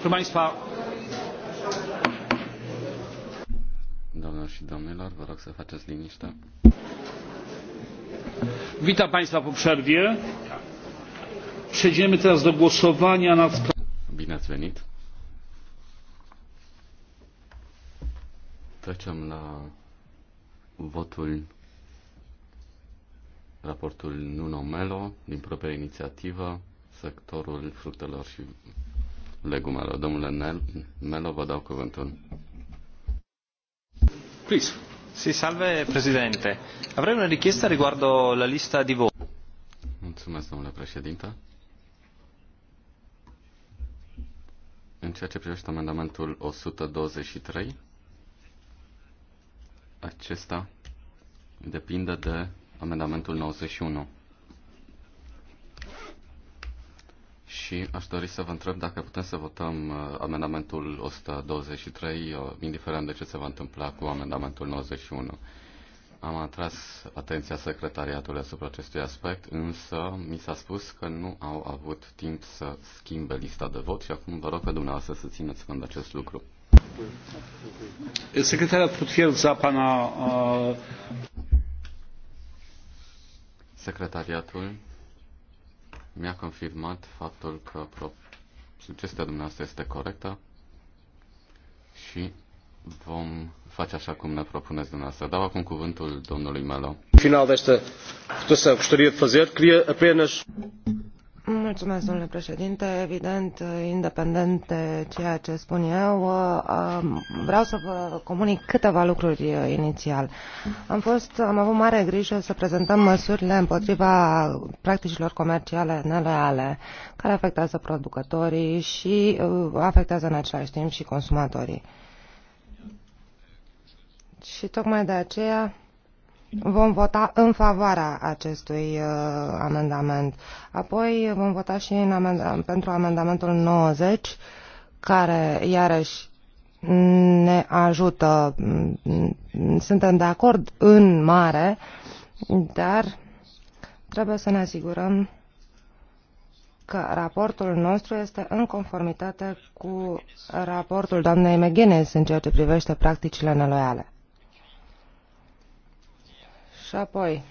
Proszę Państwa. Doamnelor și domnilor, vă rog să faceți liniște. Witam Państwa po przerwie. Przejdziemy teraz do głosowania nad Bine Trecem la votul raportul Nuno Melo din propria inițiativă sectorul fructelor și legumelor. Domnule Nel, Melo, vă dau cuvântul. Please. Si, salve, președinte. Avrei una richiesta riguardo la lista di voti. Mulțumesc, domnule președinte. În ceea ce privește amendamentul 123, acesta depinde de amendamentul 91. și aș dori să vă întreb dacă putem să votăm uh, amendamentul 123, uh, indiferent de ce se va întâmpla cu amendamentul 91. Am atras atenția secretariatului asupra acestui aspect, însă mi s-a spus că nu au avut timp să schimbe lista de vot și acum vă rog pe dumneavoastră să țineți cont de acest lucru. Secretariat potwierdza pana... Uh, Secretariatul mi-a confirmat faptul că sugestia dumneavoastră este corectă și vom face așa cum ne propuneți dumneavoastră. Dau acum cuvântul domnului Melo. Final desta votação gostaria de fazer, queria apenas Mulțumesc, președinte. Evident, independent de ceea ce spun eu, vreau să vă comunic câteva lucruri inițial. Am, fost, am avut mare grijă să prezentăm măsurile împotriva practicilor comerciale neloiale, care afectează producătorii și uh, afectează în același timp și consumatorii. Și tocmai de aceea Vom vota în favoarea acestui uh, amendament. Apoi vom vota și în amend pentru amendamentul 90, care iarăși ne ajută. Mm, suntem de acord în mare, dar trebuie să ne asigurăm că raportul nostru este în conformitate cu raportul doamnei McGuinness în ceea ce privește practicile neloiale. Și apoi,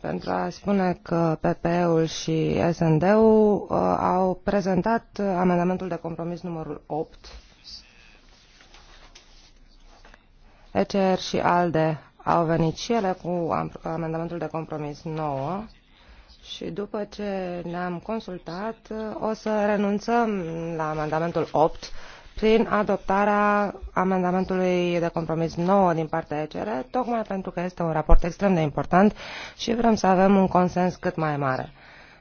pentru a spune că PPE-ul și SND-ul uh, au prezentat amendamentul de compromis numărul 8. ECR er și ALDE au venit și ele cu amendamentul de compromis 9 și după ce ne-am consultat uh, o să renunțăm la amendamentul 8 prin adoptarea amendamentului de compromis nou din partea ECR, tocmai pentru că este un raport extrem de important și vrem să avem un consens cât mai mare.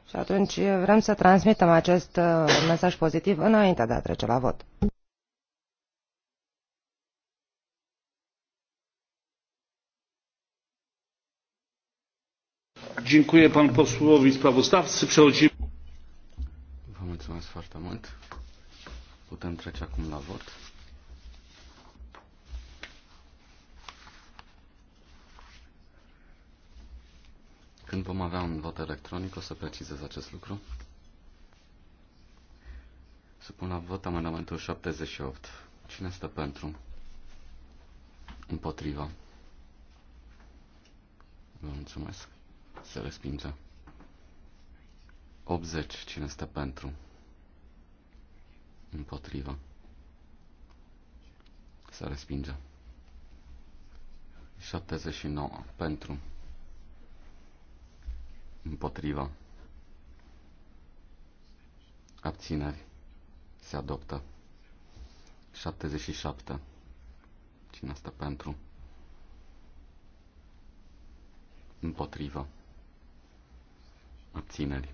Și atunci vrem să transmitem acest uh, mesaj pozitiv înainte de a trece la vot. Dziękuję panu posłowi sprawozdawcy. Przechodzimy. Vă mulțumesc foarte mult. Putem trece acum la vot. Când vom avea un vot electronic, o să precizez acest lucru. Supun la vot amendamentul 78. Cine stă pentru? Împotriva. Vă mulțumesc. Se respinge. 80. Cine stă pentru? împotriva, se respinge. 79 pentru, împotriva, abțineri, se adoptă. 77 cine asta pentru, împotriva, abțineri,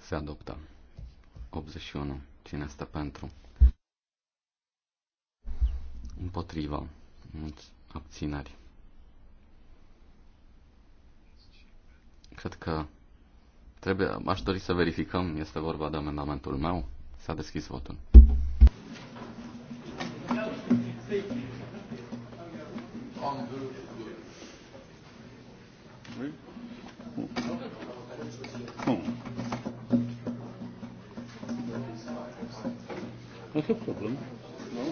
se adoptă. 81. Cine este pentru? Împotriva. Abțineri. Cred că trebuie, aș dori să verificăm, este vorba de amendamentul meu. S-a deschis votul. What's the problem? No?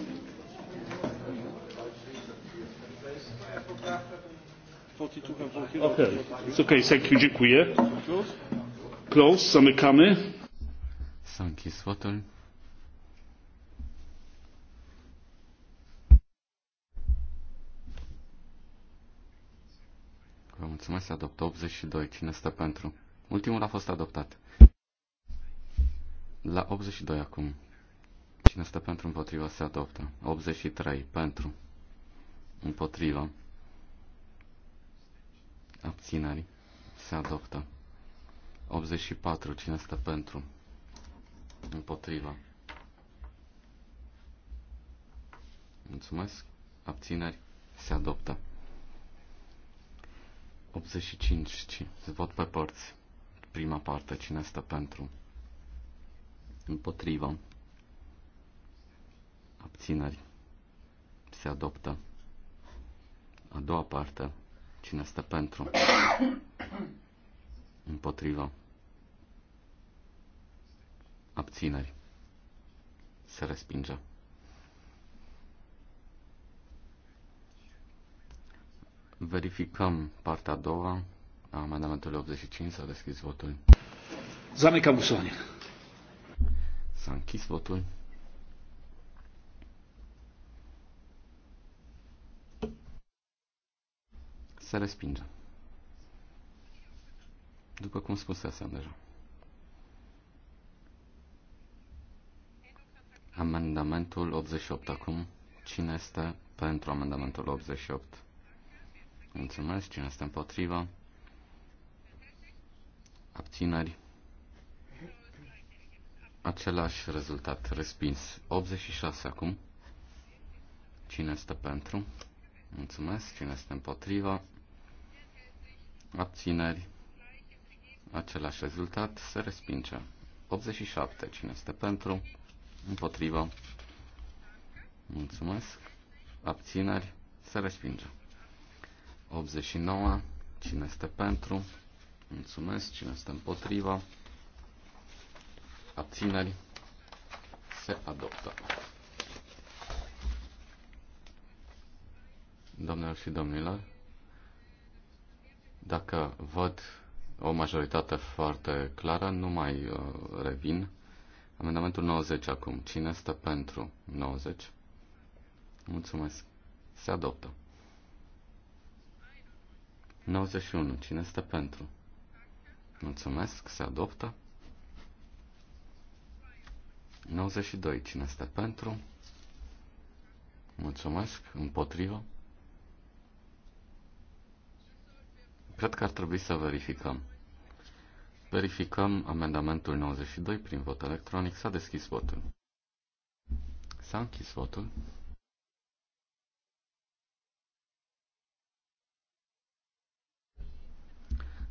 Okay. It's okay, thank you, dziękuję. Close, zamykamy. S-a închis votul. Vă mulțumesc, se adoptă 82. Cine stă pentru? Ultimul a fost adoptat. La 82 acum. Cine stă pentru împotriva se adoptă. 83 pentru împotriva abținerii se adoptă. 84 cine stă pentru împotriva. Mulțumesc. Abțineri se adoptă. 85. Vot pe părți. Prima parte. Cine stă pentru? Împotriva abțineri, se adoptă. A doua parte, cine stă pentru, împotriva, abțineri, se respinge. Verificăm partea a doua a amendamentului 85, s-a deschis votul. Zamecam Usonina. S-a închis votul. Se respinge. După cum spusesem deja. Amendamentul 88 acum. Cine este pentru amendamentul 88? Mulțumesc. Cine este împotriva? Abțineri. Același rezultat. Respins. 86 acum. Cine este pentru? Mulțumesc. Cine este împotriva? abțineri, același rezultat, se respinge. 87. Cine este pentru? Împotrivă. Mulțumesc. Abțineri, se respinge. 89. Cine este pentru? Mulțumesc. Cine este împotrivă? Abțineri, se adoptă. Domnilor și domnilor, dacă văd o majoritate foarte clară, nu mai uh, revin. Amendamentul 90 acum. Cine stă pentru 90? Mulțumesc. Se adoptă. 91. Cine stă pentru? Mulțumesc. Se adoptă. 92. Cine stă pentru? Mulțumesc. Împotrivă. Cred că ar trebui să verificăm. Verificăm amendamentul 92 prin vot electronic. S-a deschis votul. S-a închis votul.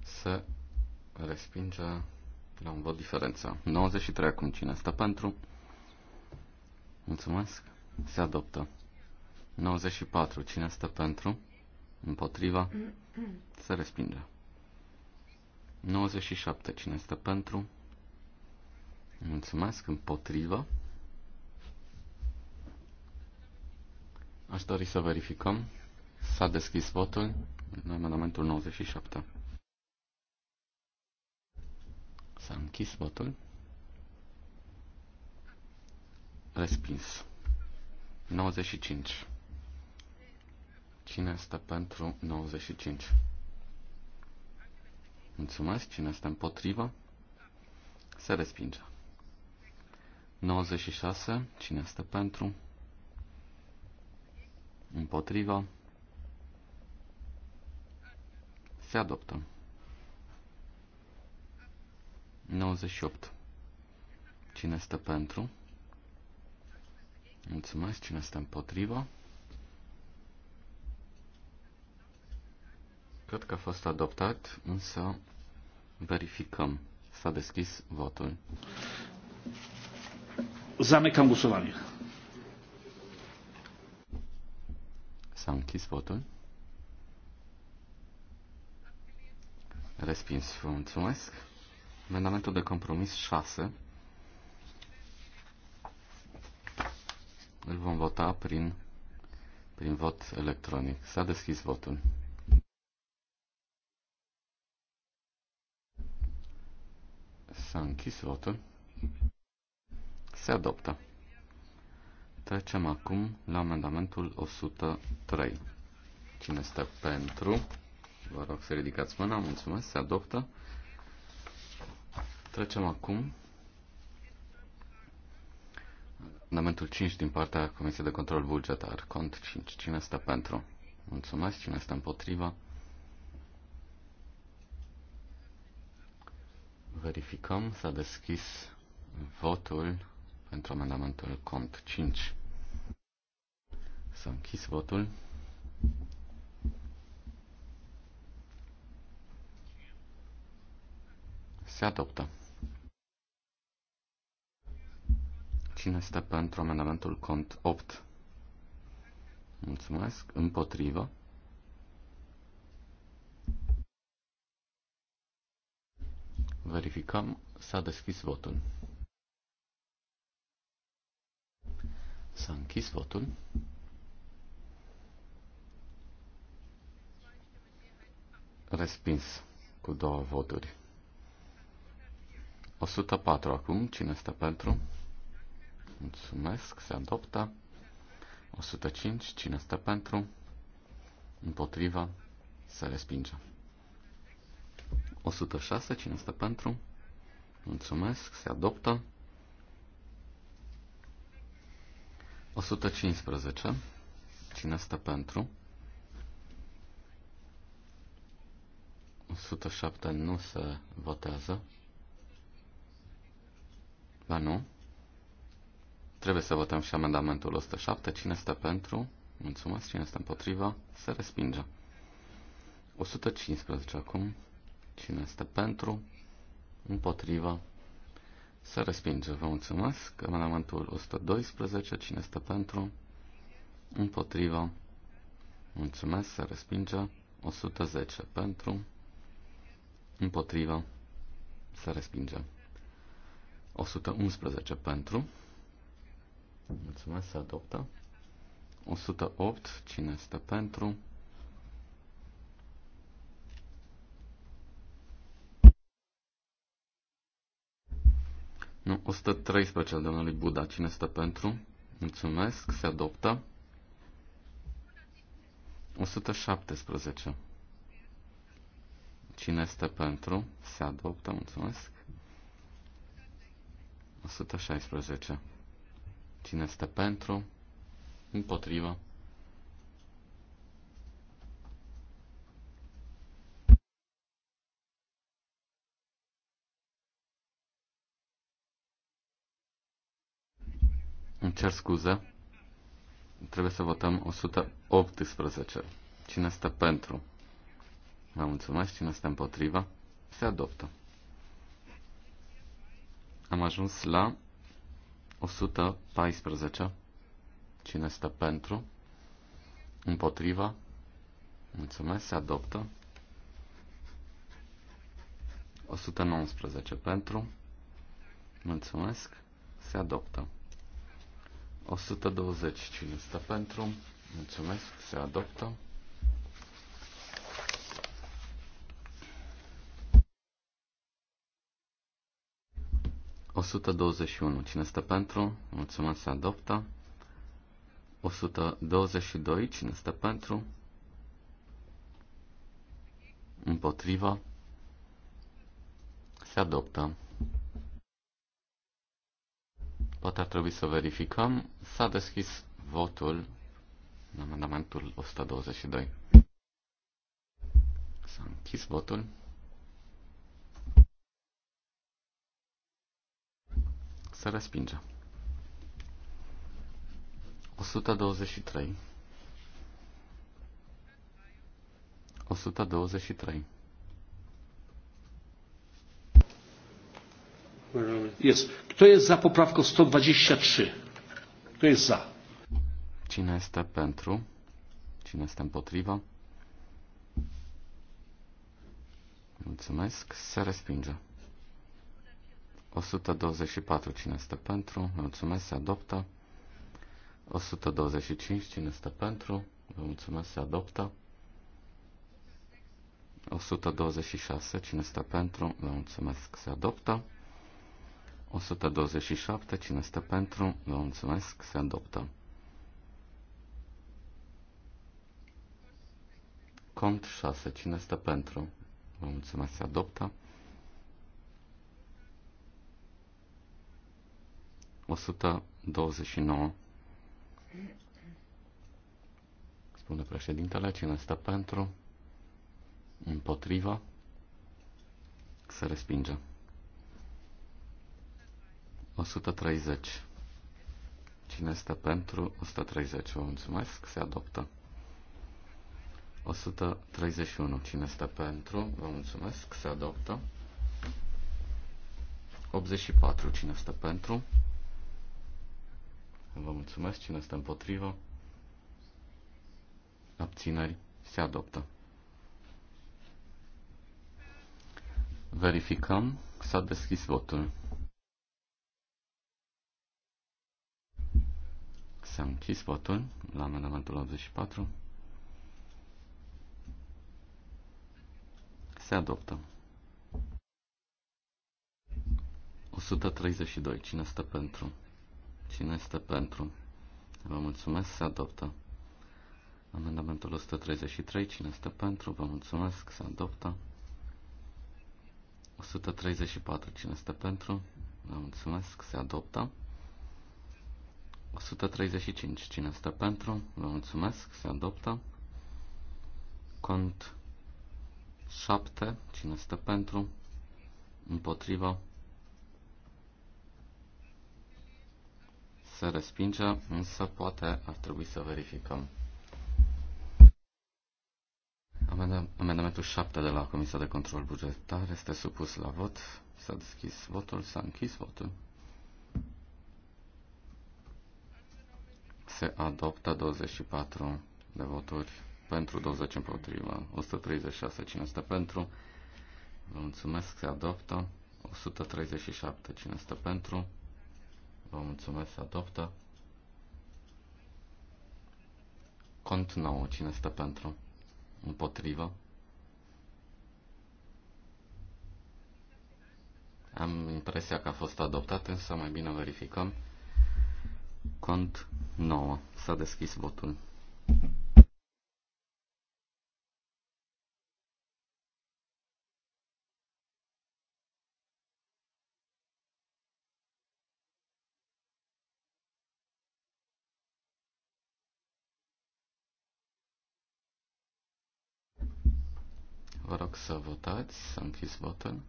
Se respinge la un vot diferența. 93 acum cine stă pentru? Mulțumesc. Se adoptă. 94. Cine stă pentru? Împotriva. Se respinge. 97. Cine este pentru? Mulțumesc. Împotriva. Aș dori să verificăm. S-a deschis votul în amendamentul 97. S-a închis votul. Respins. 95. Cine stă pentru 95? Mulțumesc. Cine stă împotrivă? Se respinge. 96. Cine stă pentru? Împotrivă? Se adoptă. 98. Cine stă pentru? Mulțumesc. Cine stă împotrivă? Cred că a fost adoptat, însă verificăm. S-a deschis votul. Zamecam gusovanie. S-a închis votul. Respins. Vă mulțumesc. Amendamentul de compromis 6. Îl vom vota prin, prin vot electronic. S-a deschis votul. S-a închis votul. Se adoptă. Trecem acum la amendamentul 103. Cine este pentru? Vă rog să ridicați mâna. Mulțumesc. Se adoptă. Trecem acum amendamentul 5 din partea Comisiei de Control Bugetar. Cont 5. Cine este pentru? Mulțumesc. Cine este împotriva? Verificăm, s-a deschis votul pentru amendamentul cont 5. S-a închis votul. Se adoptă. Cine este pentru amendamentul cont 8? Mulțumesc. Împotrivă. Verificăm. S-a deschis votul. S-a închis votul. Respins cu două voturi. 104 acum. Cine este pentru? Mulțumesc. Se adoptă. 105. Cine este pentru? Împotriva. Se respinge. 106. Cine este pentru? Mulțumesc. Se adoptă. 115. Cine este pentru? 107 nu se votează. Ba nu. Trebuie să votăm și amendamentul 107. Cine este pentru? Mulțumesc. Cine este împotriva? Se respinge. 115 acum. Cine este pentru? Împotriva? Se respinge. Vă mulțumesc. Amendamentul 112. Cine este pentru? Împotriva? Mulțumesc. Se respinge. 110 pentru. Împotriva? Se respinge. 111 pentru. Mulțumesc. Se adoptă. 108. Cine este pentru? Nu, 113 al domnului Buda. Cine este pentru? Mulțumesc. Se adoptă. 117. Cine stă pentru? Se adoptă. Mulțumesc. 116. Cine stă pentru? Împotrivă. Îmi cer scuze. Trebuie să votăm 118. Cine stă pentru? Vă mulțumesc. Cine stă împotriva? Se adoptă. Am ajuns la 114. Cine stă pentru? Împotriva? Mulțumesc. Se adoptă. 119 pentru. Mulțumesc. Se adoptă. 120. Cine stă pentru? Mulțumesc. Se adoptă. O 121. Cine stă pentru? Mulțumesc. Se adoptă. 122. Cine stă pentru? Împotriva. Se adoptă. Poate ar trebui să verificăm. S-a deschis votul în amendamentul 122. S-a închis votul. Se respinge. 123. 123. Jest. Kto jest za poprawką 123? Kto jest za? Cine este pentru? Cine este împotriva? Mulțumesc. Se respinge. 124. Cine este pentru? Mulțumesc. Se adoptă. 125. Cine este pentru? mulțumesc. Se adoptă. 126. Cine este pentru? mulțumesc. Se adoptă. 127. Cine este pentru? Vă mulțumesc. Se adoptă. Cont 6. Cine este pentru? Vă mulțumesc. Se adoptă. 129. Spune președintele, cine este pentru, împotriva, se respinge. 130. Cine este pentru 130? Vă mulțumesc, se adoptă. 131. Cine este pentru? Vă mulțumesc, se adoptă. 84. Cine este pentru? Vă mulțumesc. Cine este împotrivă? Abțineri. Se adoptă. Verificăm. S-a deschis votul. s am închis botul la amendamentul 84. Se adoptă. 132. Cine este pentru? Cine este pentru? Vă mulțumesc, se adoptă. Amendamentul 133. Cine este pentru? Vă mulțumesc, se adoptă. 134. Cine este pentru? Vă mulțumesc, se adoptă. 135. Cine stă pentru? Vă mulțumesc. Se adoptă. Cont 7. Cine stă pentru? Împotriva. Se respinge, însă poate ar trebui să verificăm. Amendamentul 7 de la Comisia de Control Bugetar este supus la vot. S-a deschis votul, s-a închis votul. se adoptă 24 de voturi pentru 20 împotriva, 136 cine este pentru, vă mulțumesc, se adoptă, 137 cine este pentru, vă mulțumesc, se adoptă, cont 9 cine este pentru, împotrivă, am impresia că a fost adoptat, însă mai bine verificăm, cont 9. S-a deschis votul. Vă rog să votați, să închis votul.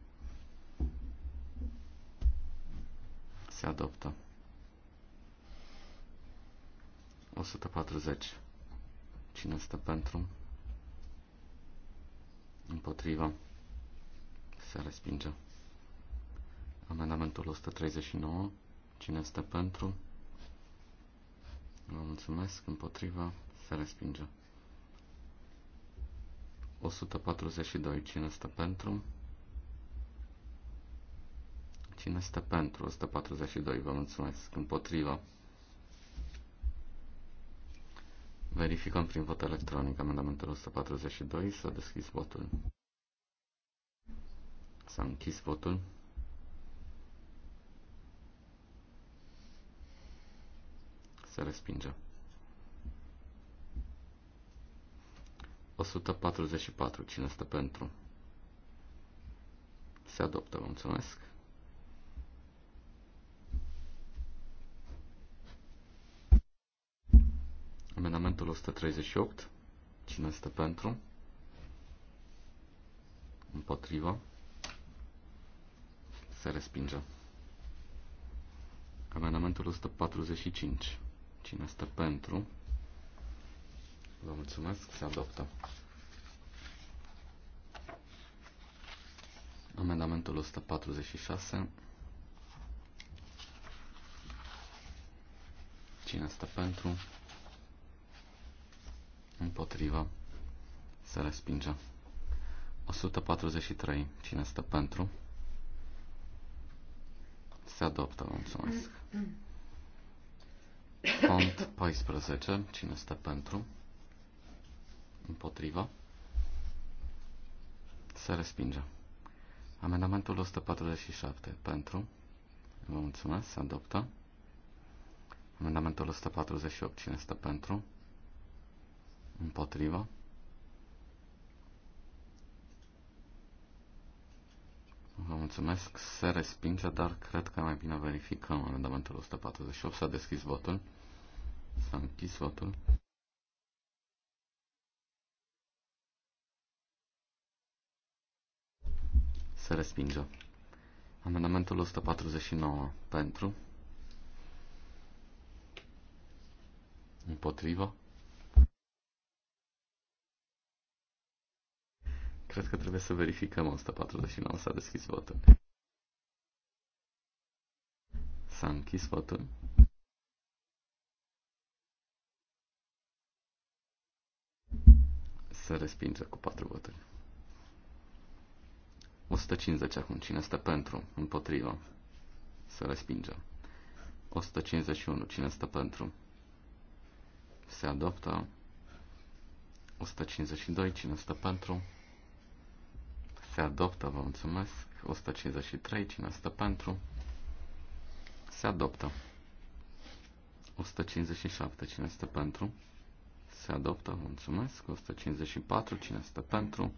Se adoptă. 140. Cine stă pentru? Împotriva. Se respinge. Amendamentul 139. Cine stă pentru? Vă mulțumesc. Împotriva. Se respinge. 142. Cine stă pentru? Cine stă pentru? 142. Vă mulțumesc. Împotriva. Verificăm prin vot electronic amendamentul 142. S-a deschis votul. S-a închis votul. Se respinge. 144. Cine este pentru? Se adoptă. Vă mulțumesc. Amendamentul 138. Cine este pentru? Împotriva. Se respinge. Amendamentul 145. Cine este pentru? Vă mulțumesc. Se adoptă. Amendamentul 146. Cine este pentru? împotriva, se respinge. 143. Cine stă pentru? Se adoptă, mulțumesc. Cont 14. Cine stă pentru? Împotriva? Se respinge. Amendamentul 147. Pentru? Vă mulțumesc, se adoptă. Amendamentul 148. Cine stă pentru? Împotriva. Vă mulțumesc. Se respinge, dar cred că mai bine verificăm amendamentul 148. S-a deschis votul. S-a închis votul. Se respinge. Amendamentul 149 pentru. Împotrivă. Cred că trebuie să verificăm 149. S-a deschis votul. S-a închis votul. Se respinge cu 4 voturi. 150 acum. Cine stă pentru? Împotrivă. Se respinge. 151. Cine stă pentru? Se adoptă. 152. Cine stă pentru? se adoptă, vă mulțumesc. 153, cine stă pentru? Se adoptă. 157, cine stă pentru? Se adoptă, vă mulțumesc. 154, cine stă pentru?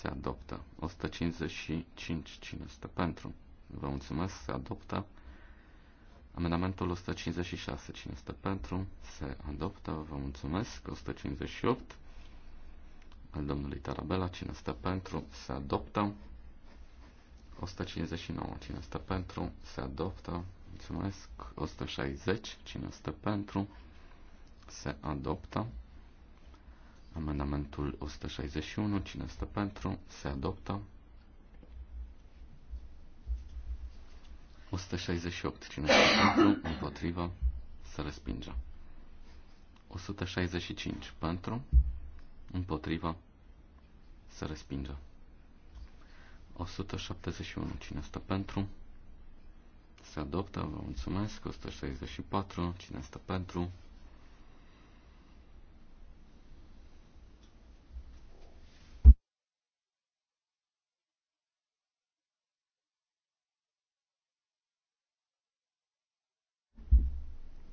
Se adoptă. 155, cine stă pentru? Vă mulțumesc, se adoptă. Amendamentul 156, cine stă pentru? Se adoptă, vă mulțumesc. 158, al domnului Tarabella. Cine stă pentru, se adoptă. 159. Cine stă pentru, se adoptă. Mulțumesc. 160. Cine stă pentru, se adoptă. Amendamentul 161. Cine stă pentru, se adoptă. 168. Cine stă pentru, împotriva, se respinge. 165. Pentru, împotriva, se respinge. 171. Cine stă pentru? Se adoptă, vă mulțumesc. 164. Cine stă pentru?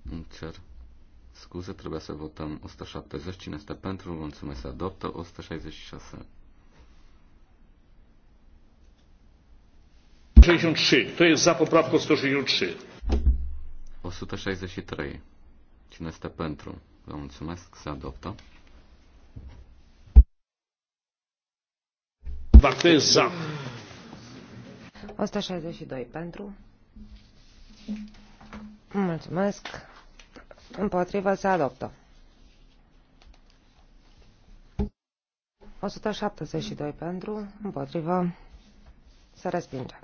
Îmi scuze, trebuie să votăm 170. Cine este pentru? Mulțumesc, se adoptă. 166. 163. To jest za poprawką 163. 163. Cine este pentru? Vă mulțumesc, se adoptă. Kto jest za? 162 pentru. Mulțumesc. Împotrivă se adoptă. 172 pentru, împotrivă, se respinge.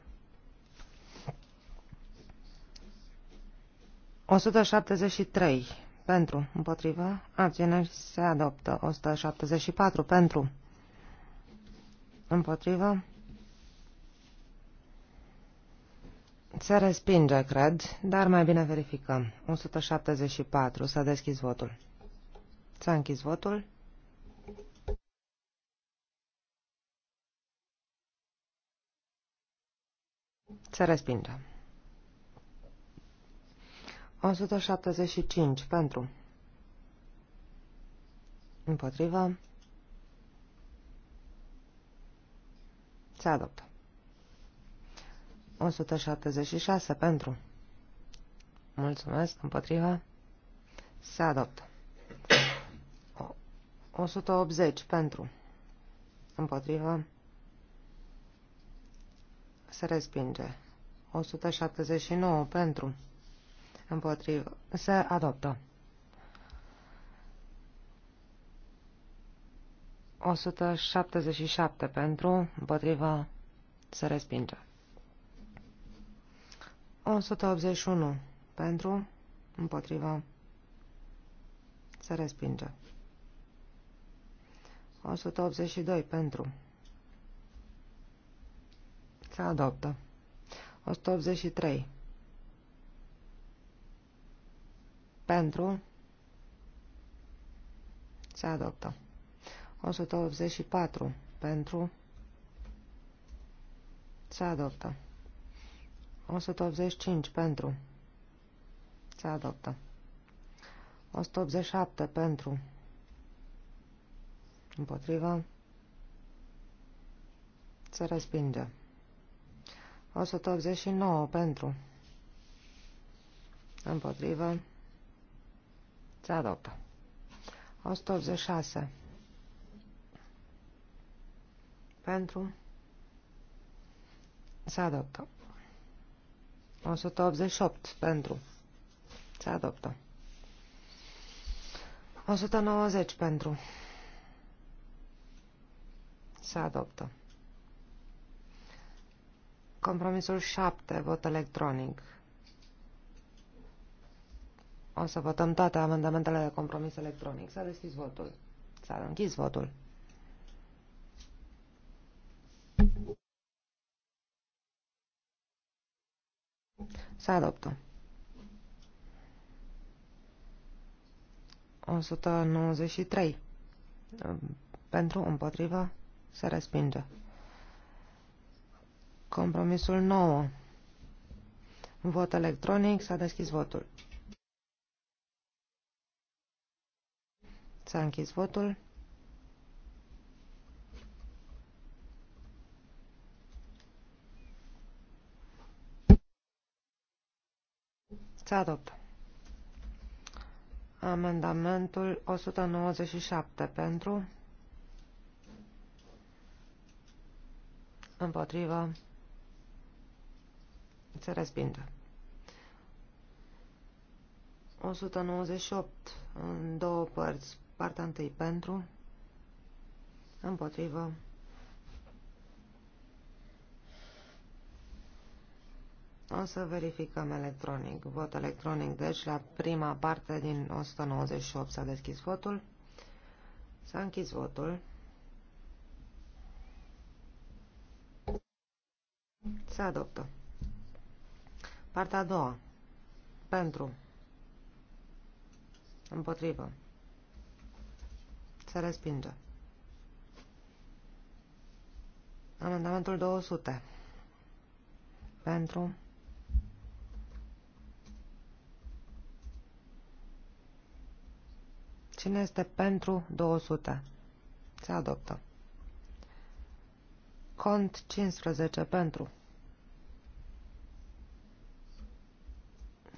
173 pentru, împotrivă, abțineri se adoptă. 174 pentru, împotrivă, Se respinge, cred, dar mai bine verificăm. 174. S-a deschis votul. S-a închis votul. Se respinge. 175 pentru. Împotrivă. Se adoptă. 176 pentru. Mulțumesc, împotriva. Se adoptă. 180 pentru. Împotriva. Se respinge. 179 pentru. Împotriva. Se adoptă. 177 pentru. Împotriva. Se respinge. 181 pentru, împotriva, se respinge. 182 pentru, se adoptă. 183 pentru, se adoptă. 184 pentru, se adoptă. 185 pentru. Se adoptă. 187 pentru. Împotrivă. Se respinge. 189 pentru. Împotrivă. Se adoptă. 186 pentru. Se adoptă. 188 pentru. Se adoptă. 190 pentru. Se adoptă. Compromisul 7, vot electronic. O să votăm toate amendamentele de compromis electronic. S-a deschis votul. S-a închis votul. Se adoptă. 193. Pentru, împotrivă, se respinge. Compromisul 9. Vot electronic. S-a deschis votul. S-a închis votul. Se adoptă. Amendamentul 197 pentru, împotrivă, se respinge. 198 în două părți, partea întâi pentru, împotrivă, O să verificăm electronic. Vot electronic, deci la prima parte din 198 s-a deschis votul. S-a închis votul. Se adoptă. Partea a doua. Pentru. Împotrivă. Se respinge. Amendamentul 200. Pentru. Cine este pentru 200? Se adoptă. Cont 15 pentru.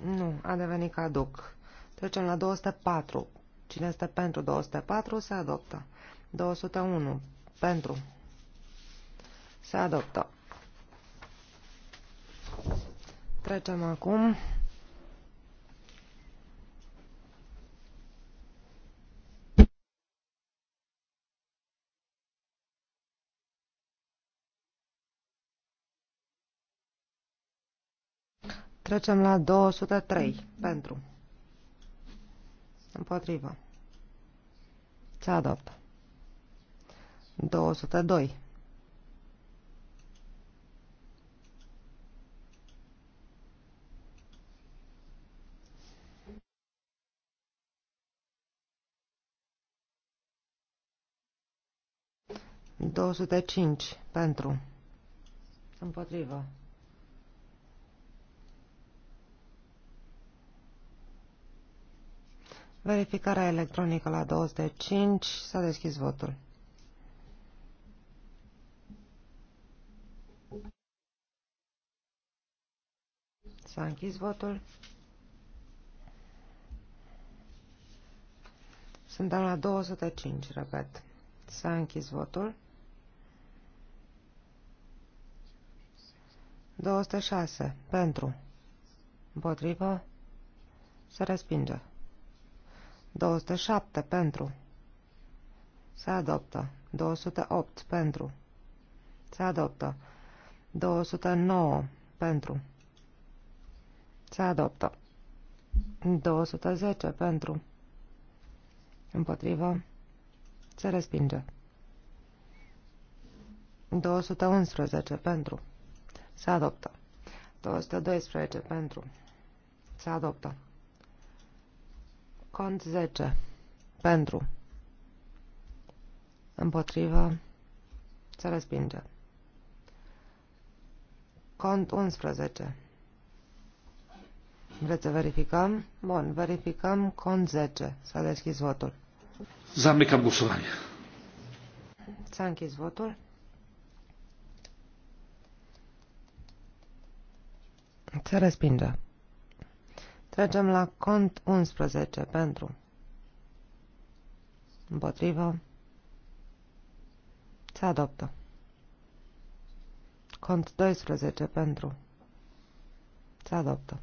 Nu, a devenit caduc. Trecem la 204. Cine este pentru 204 se adoptă. 201 pentru. Se adoptă. Trecem acum Trecem la 203. Pentru. Împotrivă. Ce adoptă. 202. Două sute cinci pentru împotrivă. Verificarea electronică la 205. S-a deschis votul. S-a închis votul. Suntem la 205, repet. S-a închis votul. 206. Pentru. Împotrivă. Se respinge. 207 pentru. Se adoptă. 208 pentru. Se adoptă. 209 pentru. Se adoptă. 210 pentru. Împotrivă. Se respinge. 211 pentru. Se adoptă. 212 pentru. Se adoptă. Cont 10. Pentru. Împotrivă. Se respinge. Cont 11. Vreți să verificăm? Bun, verificăm cont 10. S-a deschis votul. Zamecam głosowanie. S-a închis votul. Se respinge. Trecem la cont 11 pentru împotrivă se adoptă. Cont 12 pentru se adoptă.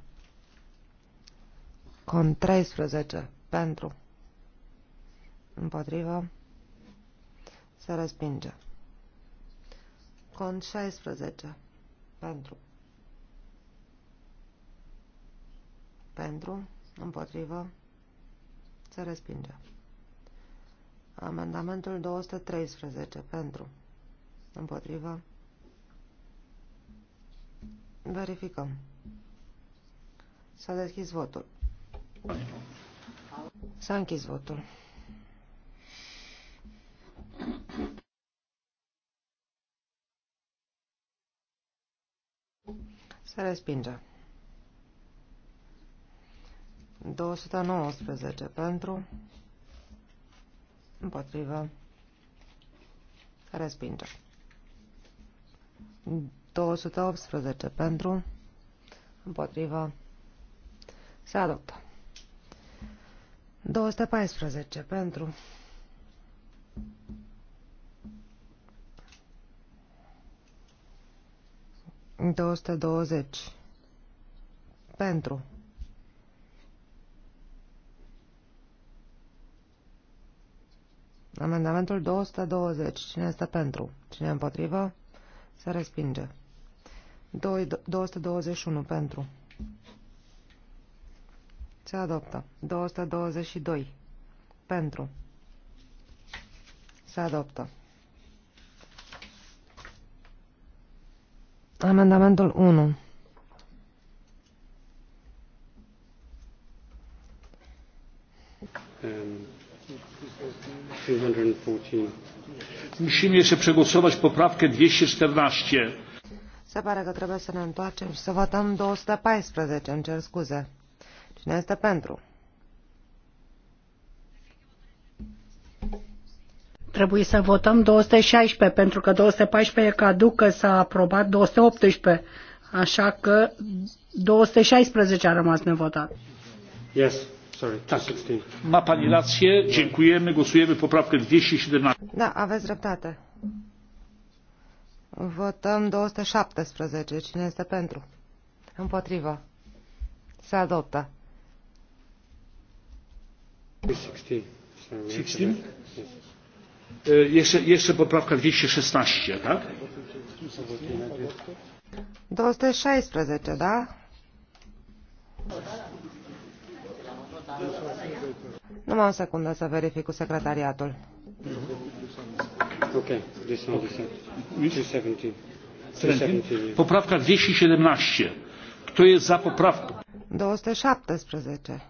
Cont 13 pentru împotrivă se respinge. Cont 16 pentru pentru, împotrivă, se respinge. Amendamentul 213 pentru, împotrivă, verificăm. S-a deschis votul. S-a închis votul. Se respinge. 219 pentru, împotrivă, respinge. 218 pentru, împotrivă, se adoptă. 214 pentru, 220 pentru Amendamentul 220. Cine este pentru? Cine împotrivă? Se respinge. 221 pentru. Se adoptă. 222 pentru. Se adoptă. Amendamentul 1. Um. Musimy jeszcze przegłosować poprawkę 214. Se pare că trebuie să ne întoarcem și să votăm 214, îmi cer scuze. Cine este pentru? Trebuie să votăm 216, pentru că 214 e caducă, s-a aprobat 218, așa că 216 a rămas nevotat. Yes. Ma pani rację. Dziękujemy. Głosujemy poprawkę 217. Da, aveți dreptate. Votăm 217. Cine este pentru? Împotrivă. Se adoptă. 16. jeszcze poprawka 216, tak? 216, da? Numai o secundă să verific cu secretariatul. Ok, 217. Poprawka 217. Kto jest za poprawką? 217.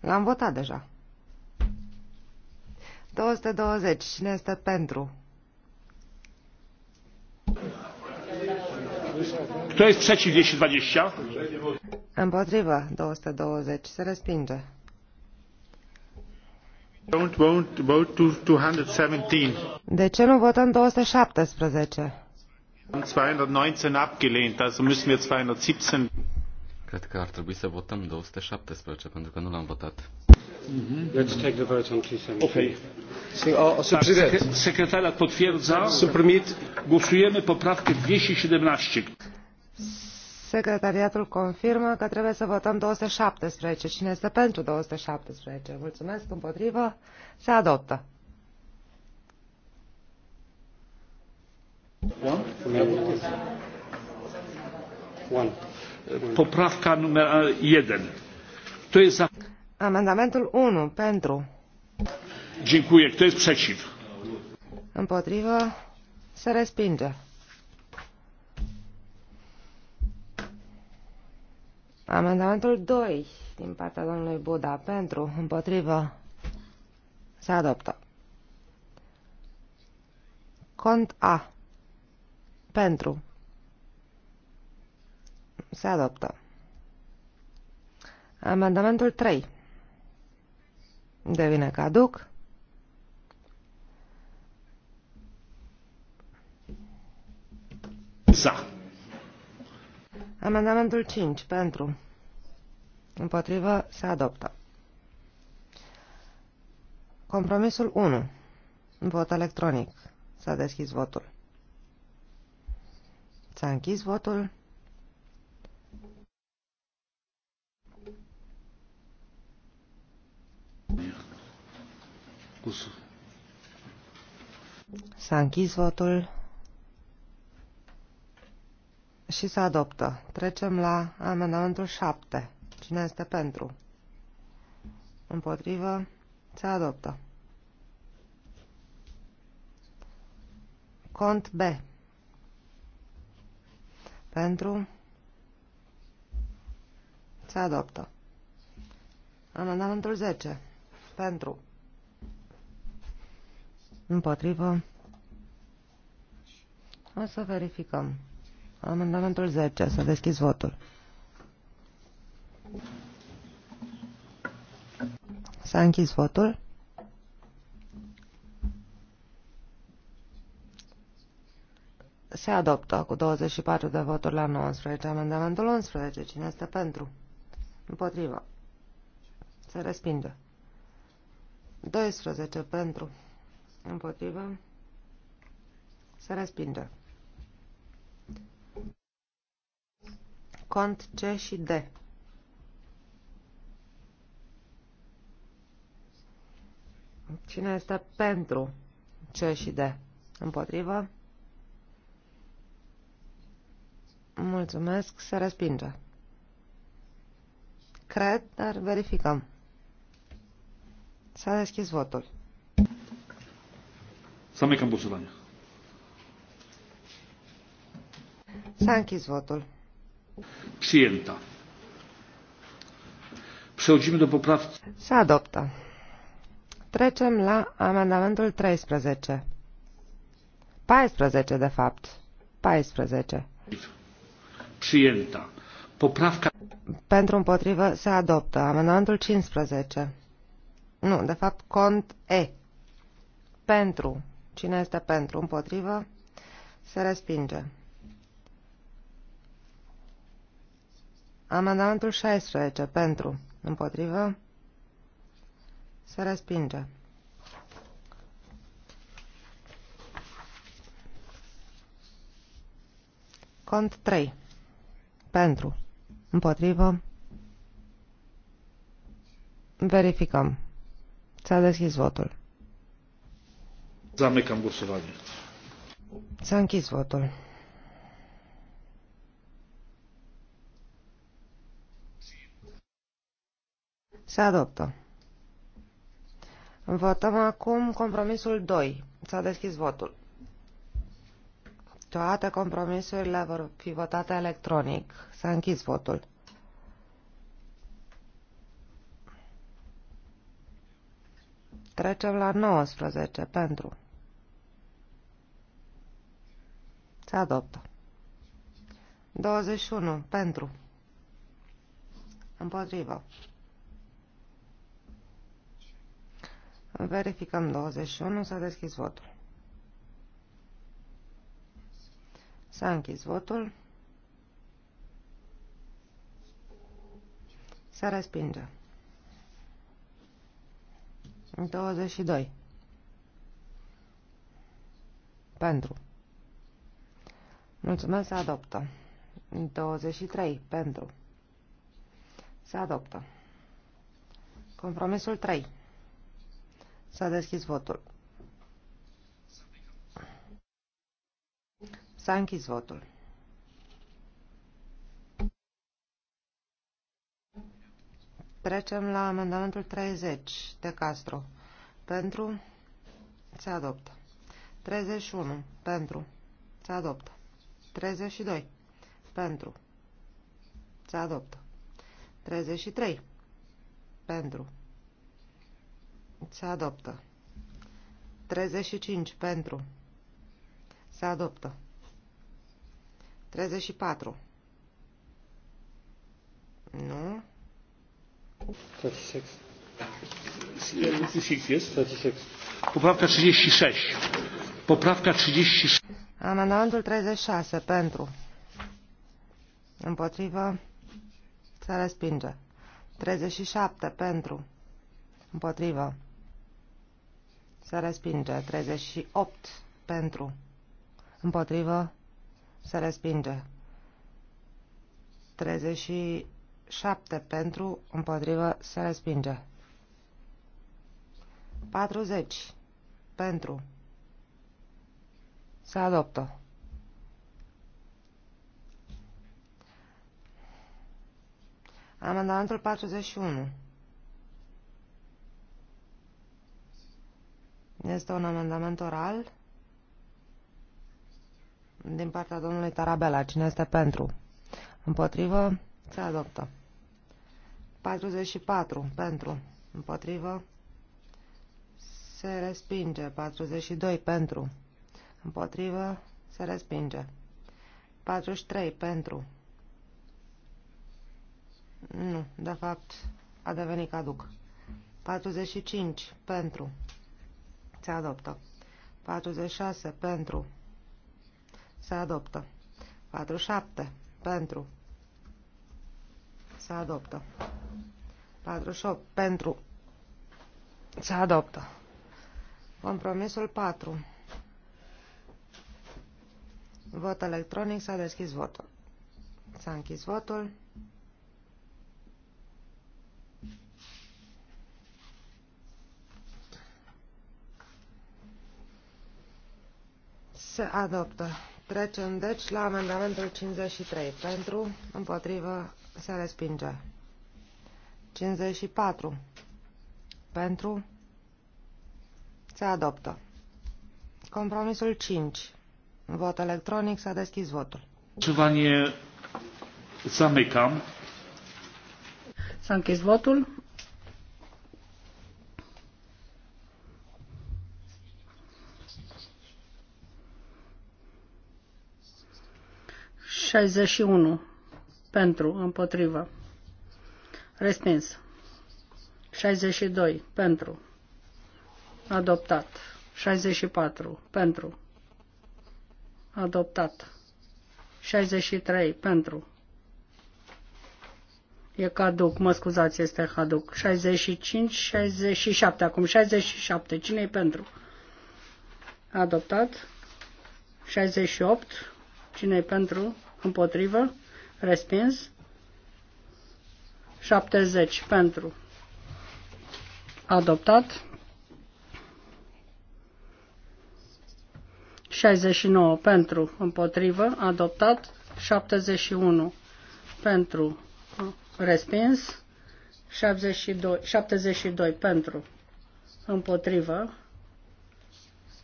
L-am votat deja. 220. Cine este pentru? Kto jest przeciw 220? Împotrivă 220. Se respinge. De ce nu votăm 217? 219 abgelehnt, also müssen wir 217. Cred că ar trebui să votăm 217 pentru că nu l-am votat. Mm -hmm. Let's take the vote on 217. Okay. Tak, sekretariat potwierdza. Głosujemy poprawkę 217. Secretariatul confirmă că trebuie să votăm 217. Cine este pentru 217? Mulțumesc, împotrivă, se adoptă. Poprawka numer 1. Kto jest za? Amendamentul 1 pentru. Dziękuję. Kto jest przeciw? Împotrivă se respinge. Amendamentul 2 din partea domnului Buda pentru, împotrivă, se adoptă. Cont A. Pentru. Se adoptă. Amendamentul 3. Devine caduc. Sa. Amendamentul 5. Pentru. Împotrivă. Se adoptă. Compromisul 1. Vot electronic. S-a deschis votul. S-a închis votul. S-a închis votul și se adoptă. Trecem la amendamentul 7. Cine este pentru? Împotrivă? Se adoptă. Cont B. Pentru? Se adoptă. Amendamentul 10. Pentru? Împotrivă? O să verificăm. Amendamentul 10. Să deschizi votul. S-a închis votul. Se adoptă cu 24 de voturi la 19. Amendamentul 11. Cine este pentru? Împotrivă. Se respinge. 12 pentru. Împotrivă. Se respinge. cont C și D. Cine este pentru C și D? Împotrivă? Mulțumesc, se respinge. Cred, dar verificăm. S-a deschis votul. Zamykam głosowanie. S-a închis votul. Przyjęta. Przechodzimy do poprawki. Se adoptă. Trecem la amendamentul 13. 14, de fapt. 14. Przyjęta. Poprawka. Pentru împotrivă se adoptă. Amendamentul 15. Nu, de fapt, cont E. Pentru. Cine este pentru? Împotrivă? Se respinge. Amendamentul 16. Pentru. Împotrivă. Se respinge. Cont 3. Pentru. Împotrivă. Verificăm. S-a deschis votul. Să głosowanie. S-a închis votul. Se adoptă. Votăm acum compromisul 2. S-a deschis votul. Toate compromisurile vor fi votate electronic. S-a închis votul. Trecem la 19. Pentru. Se adoptă. 21. Pentru. Împotrivă. Verificăm 21, s-a deschis votul. S-a închis votul. Se respinge. 22. Pentru. Mulțumesc, se adoptă. 23. Pentru. Se adoptă. Compromisul 3. S-a deschis votul. S-a închis votul. Trecem la amendamentul 30 de Castro. Pentru se adoptă. 31 pentru se adoptă. 32 pentru se adoptă. 33 pentru se adoptă. 35 pentru. Se adoptă. 34. Nu. 36. 36. Poprawka 36. Poprawka 36. Amendamentul 36 pentru. Împotrivă. Se respinge. 37 pentru. Împotrivă. Se respinge. 38 pentru. Împotrivă. Se respinge. 37 pentru. Împotrivă. Se respinge. 40 pentru. Se adoptă. Amendamentul 41. Este un amendament oral din partea domnului Tarabela. Cine este pentru? Împotrivă? Se adoptă. 44. Pentru. Împotrivă? Se respinge. 42. Pentru. Împotrivă? Se respinge. 43. Pentru. Nu. De fapt, a devenit caduc. 45. Pentru. Se adoptă. 46 pentru. Se adoptă. 47 pentru. Se adoptă. 48 pentru. Se adoptă. Compromisul 4. Vot electronic. S-a deschis votul. S-a închis votul. se adoptă. Trecem, deci, la amendamentul 53. Pentru, împotrivă, se respinge. 54. Pentru, se adoptă. Compromisul 5. Vot electronic. S-a deschis votul. Głosowanie zamykam. S-a închis votul. 61 pentru, împotrivă. Respins. 62 pentru. Adoptat. 64 pentru. Adoptat. 63 pentru. E caduc, mă scuzați, este caduc. 65, 67, acum 67. cine e pentru? Adoptat. 68. cine e pentru? împotrivă, respins. 70 pentru, adoptat. 69 pentru, împotrivă, adoptat. 71 pentru, respins. 72, 72 pentru, împotrivă.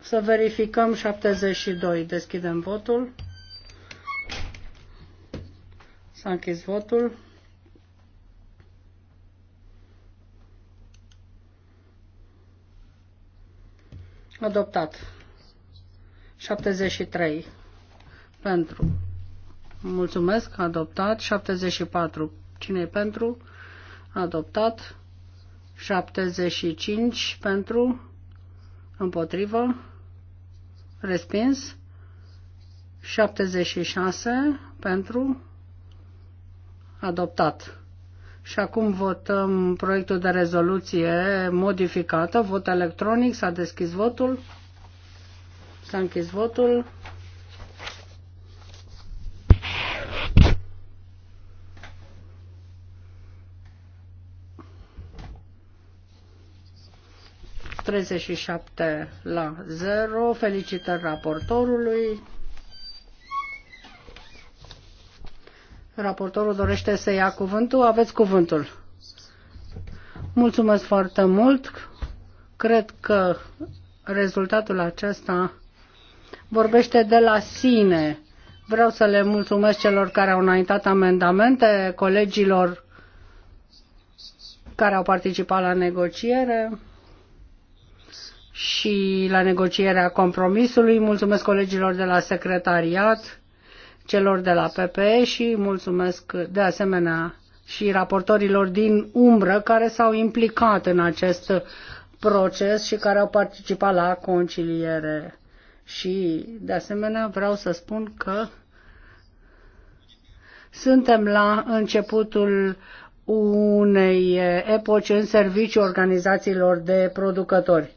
Să verificăm 72. Deschidem votul. S-a închis votul. Adoptat. 73 pentru. Mulțumesc, adoptat. 74. Cine e pentru? Adoptat. 75 pentru. Împotrivă. Respins. 76 pentru. Adoptat. Și acum votăm proiectul de rezoluție modificată. Vot electronic. S-a deschis votul. S-a închis votul. treizeci și șapte la zero. Felicitări raportorului. Raportorul dorește să ia cuvântul. Aveți cuvântul. Mulțumesc foarte mult. Cred că rezultatul acesta vorbește de la sine. Vreau să le mulțumesc celor care au înaintat amendamente, colegilor care au participat la negociere și la negocierea compromisului. Mulțumesc colegilor de la secretariat celor de la PPE și mulțumesc de asemenea și raportorilor din umbră care s-au implicat în acest proces și care au participat la conciliere. Și de asemenea vreau să spun că suntem la începutul unei epoci în serviciu organizațiilor de producători.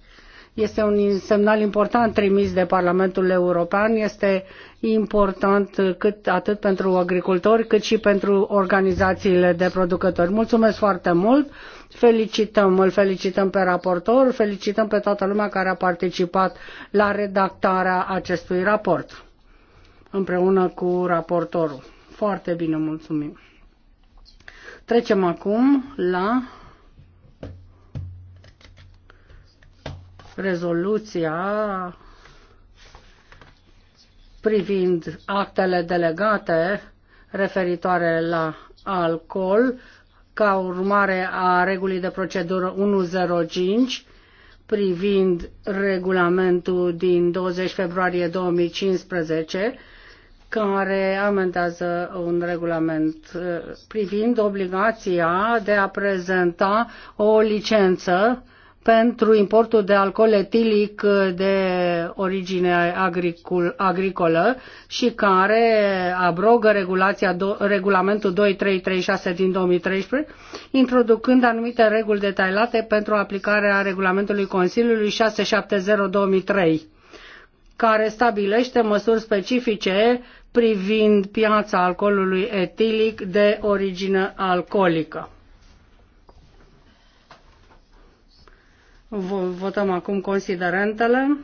Este un semnal important trimis de Parlamentul European, este important cât, atât pentru agricultori cât și pentru organizațiile de producători. Mulțumesc foarte mult, felicităm, îl felicităm pe raportor, felicităm pe toată lumea care a participat la redactarea acestui raport împreună cu raportorul. Foarte bine, mulțumim. Trecem acum la rezoluția privind actele delegate referitoare la alcool ca urmare a regulii de procedură 105 privind regulamentul din 20 februarie 2015 care amendează un regulament uh, privind obligația de a prezenta o licență pentru importul de alcool etilic de origine agricul, agricolă și care abrogă regulația do, regulamentul 2336 din 2013, introducând anumite reguli detaliate pentru aplicarea regulamentului Consiliului 670-2003 care stabilește măsuri specifice privind piața alcoolului etilic de origine alcoolică. Votăm acum considerentele.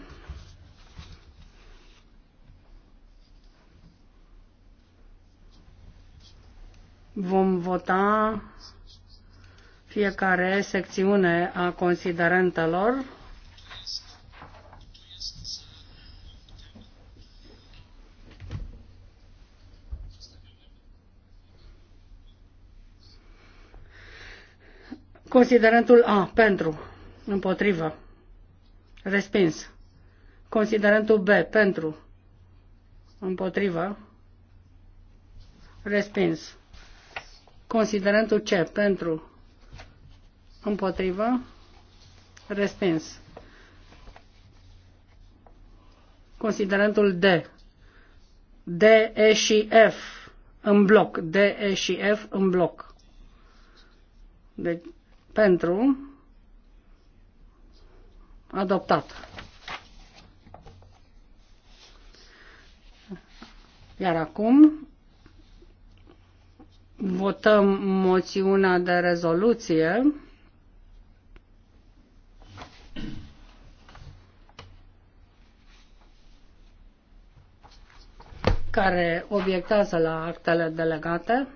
Vom vota fiecare secțiune a considerentelor. Considerentul A pentru Împotrivă. Respins. Considerentul B. Pentru. Împotrivă. Respins. Considerentul C. Pentru. Împotrivă. Respins. Considerentul D. D, E și F în bloc. D, E și F în bloc. Deci, pentru Adoptat. Iar acum votăm moțiunea de rezoluție. care obiectează la actele delegate.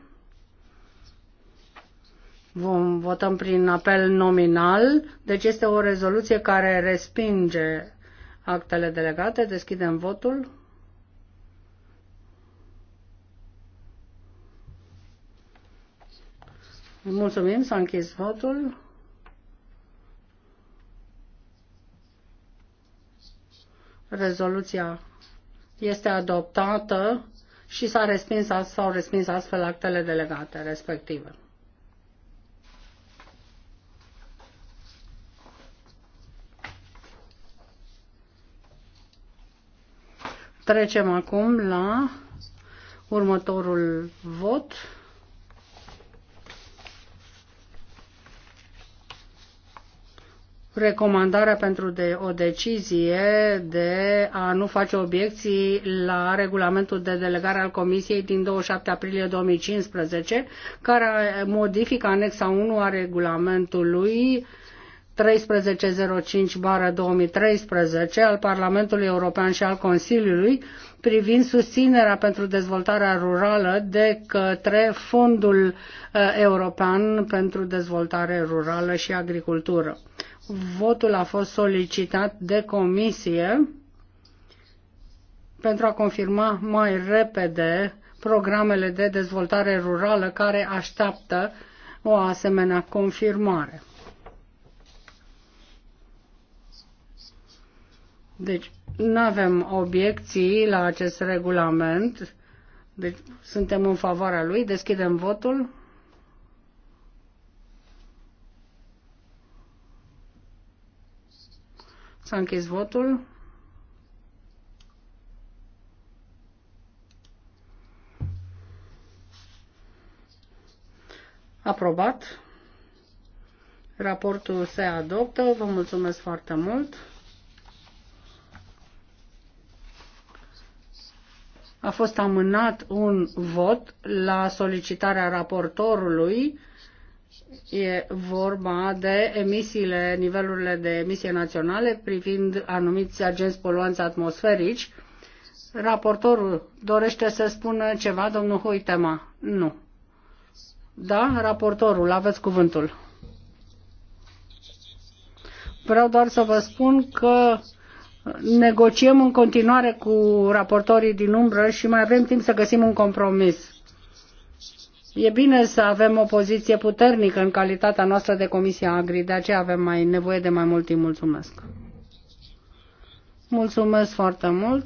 Vom votăm prin apel nominal, deci este o rezoluție care respinge actele delegate. Deschidem votul. Mulțumim, s-a închis votul. Rezoluția este adoptată și s-a respins, s-au respins astfel actele delegate respective. Trecem acum la următorul vot. Recomandarea pentru de, o decizie de a nu face obiecții la regulamentul de delegare al Comisiei din 27 aprilie 2015, care modifică anexa 1 a regulamentului 1305-2013 al Parlamentului European și al Consiliului privind susținerea pentru dezvoltarea rurală de către Fondul uh, European pentru Dezvoltare Rurală și Agricultură. Votul a fost solicitat de comisie pentru a confirma mai repede programele de dezvoltare rurală care așteaptă o asemenea confirmare. Deci nu avem obiecții la acest regulament. Deci suntem în favoarea lui. Deschidem votul. S-a închis votul. Aprobat. Raportul se adoptă. Vă mulțumesc foarte mult. a fost amânat un vot la solicitarea raportorului. E vorba de emisiile, nivelurile de emisie naționale privind anumiți agenți poluanți atmosferici. Raportorul dorește să spună ceva, domnul Huitema? Nu. Da, raportorul, aveți cuvântul. Vreau doar să vă spun că negociem în continuare cu raportorii din umbră și mai avem timp să găsim un compromis. E bine să avem o poziție puternică în calitatea noastră de Comisia Agri, de aceea avem mai nevoie de mai mult timp. Mulțumesc! Mulțumesc foarte mult!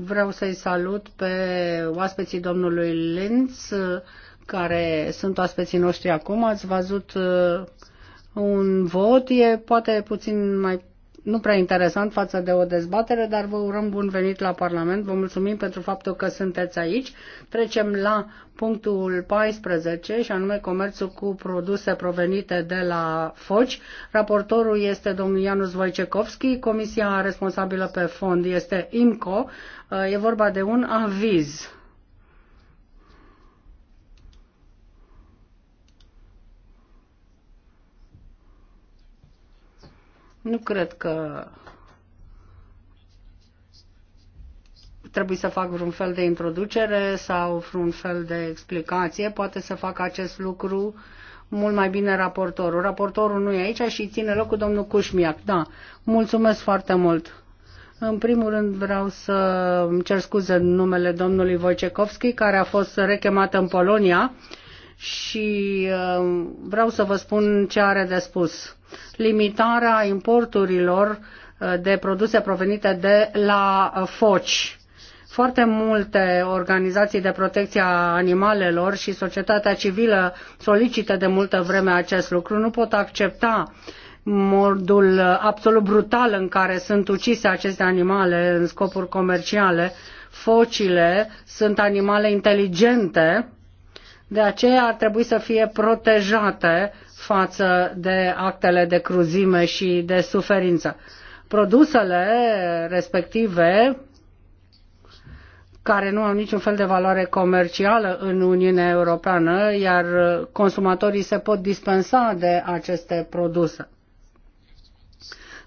Vreau să-i salut pe oaspeții domnului Linz, care sunt oaspeții noștri acum. Ați văzut uh, un vot, e poate puțin mai nu prea interesant față de o dezbatere, dar vă urăm bun venit la Parlament. Vă mulțumim pentru faptul că sunteți aici. Trecem la punctul 14 și anume comerțul cu produse provenite de la foci. Raportorul este domnul Ianus Wojciechowski, comisia responsabilă pe fond este IMCO. Uh, e vorba de un aviz Nu cred că trebuie să fac vreun fel de introducere sau vreun fel de explicație. Poate să fac acest lucru mult mai bine raportorul. Raportorul nu e aici și ține locul domnul Cușmiac. Da, mulțumesc foarte mult. În primul rând vreau să îmi cer scuze în numele domnului Wojciechowski, care a fost rechemat în Polonia și uh, vreau să vă spun ce are de spus limitarea importurilor uh, de produse provenite de la uh, foci. Foarte multe organizații de protecție a animalelor și societatea civilă solicită de multă vreme acest lucru. Nu pot accepta modul uh, absolut brutal în care sunt ucise aceste animale în scopuri comerciale. Focile sunt animale inteligente de aceea ar trebui să fie protejate față de actele de cruzime și de suferință. Produsele respective care nu au niciun fel de valoare comercială în Uniunea Europeană, iar consumatorii se pot dispensa de aceste produse.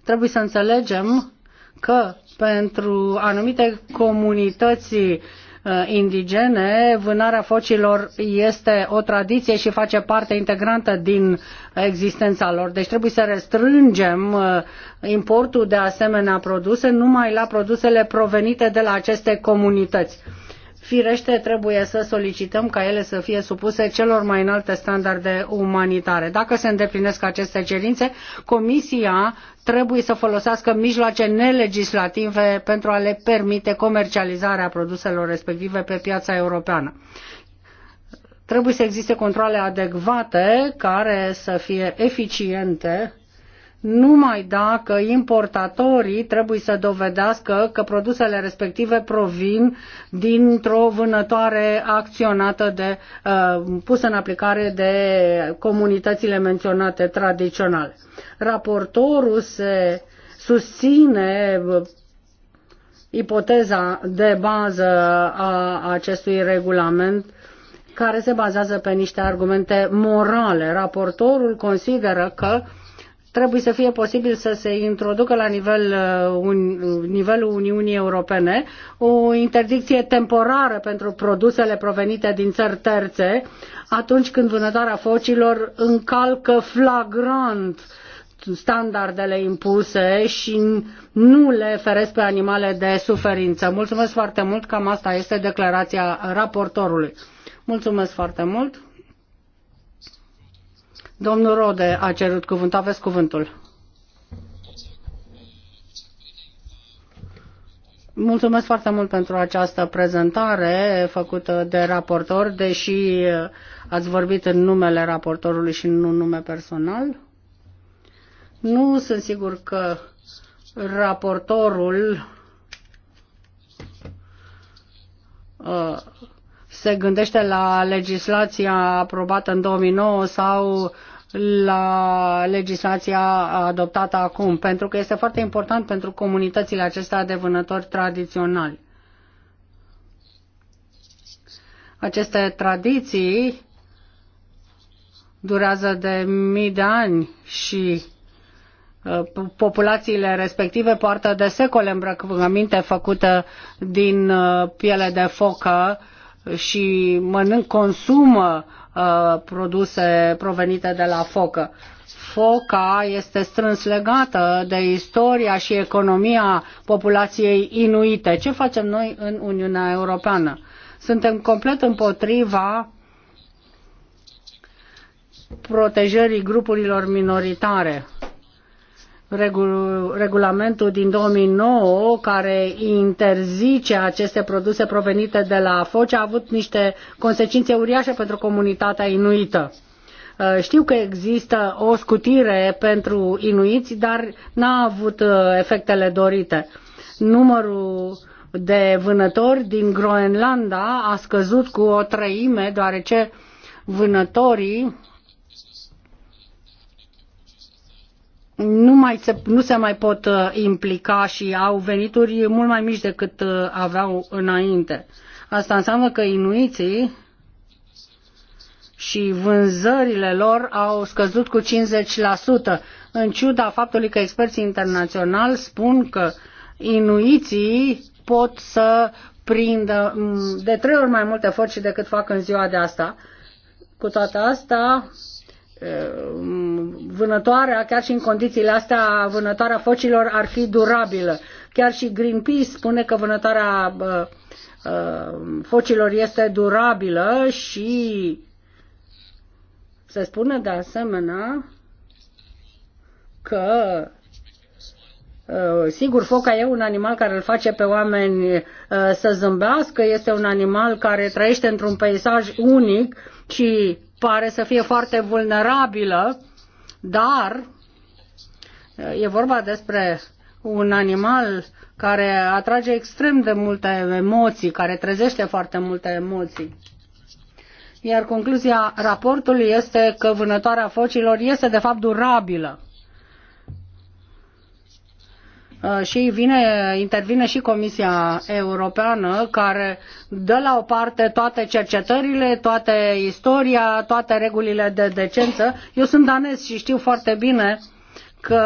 Trebuie să înțelegem că pentru anumite comunități Uh, indigene, vânarea focilor este o tradiție și face parte integrantă din existența lor. Deci trebuie să restrângem uh, importul de asemenea produse numai la produsele provenite de la aceste comunități Firește, trebuie să solicităm ca ele să fie supuse celor mai înalte standarde umanitare. Dacă se îndeplinesc aceste cerințe, Comisia trebuie să folosească mijloace nelegislative pentru a le permite comercializarea produselor respective pe piața europeană. Trebuie să existe controle adecvate care să fie eficiente numai dacă importatorii trebuie să dovedească că produsele respective provin dintr-o vânătoare acționată de, uh, pusă în aplicare de comunitățile menționate tradiționale. Raportorul se susține uh, ipoteza de bază a acestui regulament care se bazează pe niște argumente morale. Raportorul consideră că uh, trebuie să fie posibil să se introducă la nivel, uh, un, nivelul Uniunii Europene o interdicție temporară pentru produsele provenite din țări terțe atunci când vânătoarea focilor încalcă flagrant standardele impuse și nu le feresc pe animale de suferință. Mulțumesc foarte mult, cam asta este declarația raportorului. Mulțumesc foarte mult. Domnul Rode a cerut cuvânt. Aveți cuvântul. Mulțumesc foarte mult pentru această prezentare făcută de raportor, deși ați vorbit în numele raportorului și nu în nume personal. Nu sunt sigur că raportorul ă, se gândește la legislația aprobată în 2009 sau la legislația adoptată acum, pentru că este foarte important pentru comunitățile acestea de vânători tradiționali. Aceste tradiții durează de mii de ani și uh, populațiile respective poartă de secole îmbrăcăminte făcută din uh, piele de focă și mănânc, consumă Uh, produse provenite de la focă. Foca este strâns legată de istoria și economia populației inuite. Ce facem noi în Uniunea Europeană? Suntem complet împotriva protejării grupurilor minoritare regul, regulamentul din 2009 care interzice aceste produse provenite de la foci a avut niște consecințe uriașe pentru comunitatea inuită. Uh, știu că există o scutire pentru inuiți, dar n-a avut uh, efectele dorite. Numărul de vânători din Groenlanda a scăzut cu o treime, deoarece vânătorii nu, mai se, nu se mai pot uh, implica și au venituri mult mai mici decât uh, aveau înainte. Asta înseamnă că inuiții și vânzările lor au scăzut cu 50%, în ciuda faptului că experții internaționali spun că inuiții pot să prindă mm, de trei ori mai multe forci decât fac în ziua de asta. Cu toate astea, Uh, vânătoarea, chiar și în condițiile astea, vânătoarea focilor ar fi durabilă. Chiar și Greenpeace spune că vânătoarea uh, uh, focilor este durabilă și se spune de asemenea că Sigur, foca e un animal care îl face pe oameni să zâmbească, este un animal care trăiește într-un peisaj unic și pare să fie foarte vulnerabilă, dar e vorba despre un animal care atrage extrem de multe emoții, care trezește foarte multe emoții. Iar concluzia raportului este că vânătoarea focilor este de fapt durabilă. Uh, și vine, intervine și Comisia Europeană care dă la o parte toate cercetările, toată istoria, toate regulile de decență. Eu sunt danez și știu foarte bine că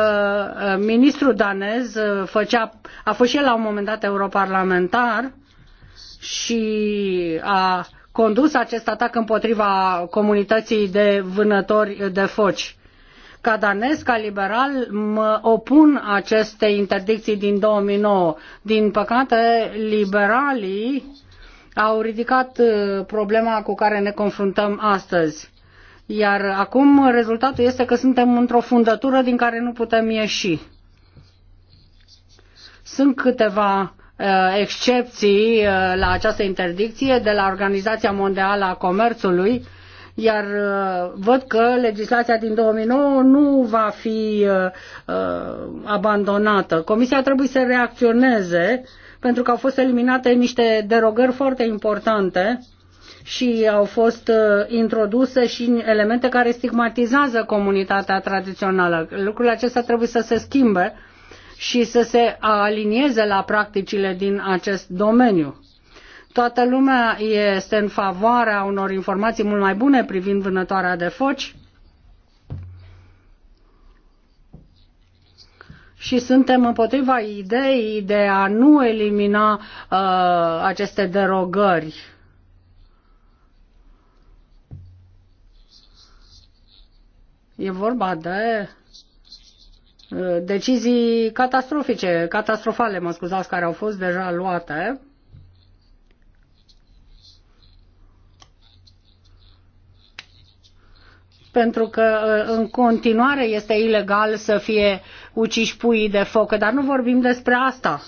uh, ministrul danez uh, făcea, a fost și el la un moment dat europarlamentar și a condus acest atac împotriva comunității de vânători de foci ca danez, ca liberal, mă opun acestei interdicții din 2009. Din păcate, liberalii au ridicat uh, problema cu care ne confruntăm astăzi. Iar acum rezultatul este că suntem într-o fundătură din care nu putem ieși. Sunt câteva uh, excepții uh, la această interdicție de la Organizația Mondială a Comerțului iar uh, văd că legislația din 2009 nu va fi uh, uh, abandonată. Comisia trebuie să reacționeze pentru că au fost eliminate niște derogări foarte importante și au fost introduse și elemente care stigmatizează comunitatea tradițională. Lucrurile acestea trebuie să se schimbe și să se alinieze la practicile din acest domeniu. Toată lumea este în favoarea unor informații mult mai bune privind vânătoarea de foci. și suntem împotriva ideii de a nu elimina uh, aceste derogări. E vorba de uh, decizii catastrofice, catastrofale, mă scuzați, care au fost deja luate. pentru că uh, în continuare este ilegal să fie uciși puii de foc, dar nu vorbim despre asta.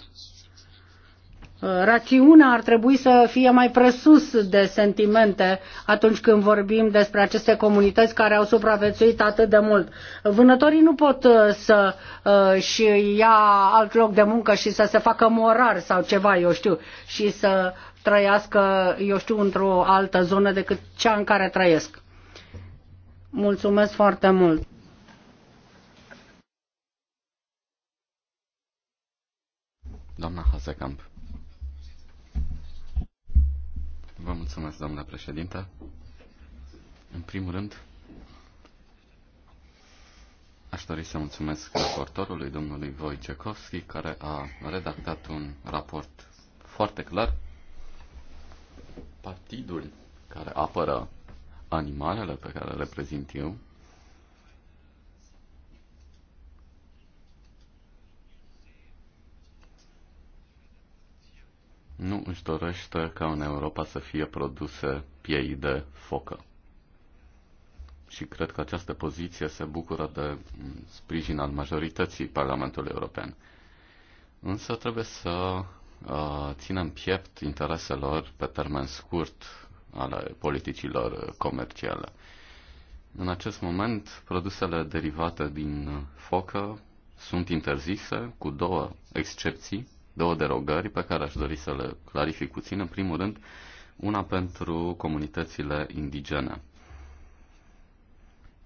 Uh, rațiunea ar trebui să fie mai presus de sentimente atunci când vorbim despre aceste comunități care au supraviețuit atât de mult. Vânătorii nu pot uh, să și ia alt loc de muncă și să se facă morar sau ceva, eu știu, și să trăiască, eu știu, într-o altă zonă decât cea în care trăiesc. Mulțumesc foarte mult! Doamna Hasekamp. Vă mulțumesc, doamna președintă. În primul rând, aș dori să mulțumesc raportorului, domnului Wojciechowski, care a redactat un raport foarte clar. Partidul care apără animalele pe care le prezint eu nu își dorește ca în Europa să fie produse piei de focă. Și cred că această poziție se bucură de sprijin al majorității Parlamentului European. Însă trebuie să uh, ținem piept intereselor pe termen scurt ale politicilor comerciale. În acest moment, produsele derivate din focă sunt interzise cu două excepții, două derogări pe care aș dori să le clarific puțin. În primul rând, una pentru comunitățile indigene.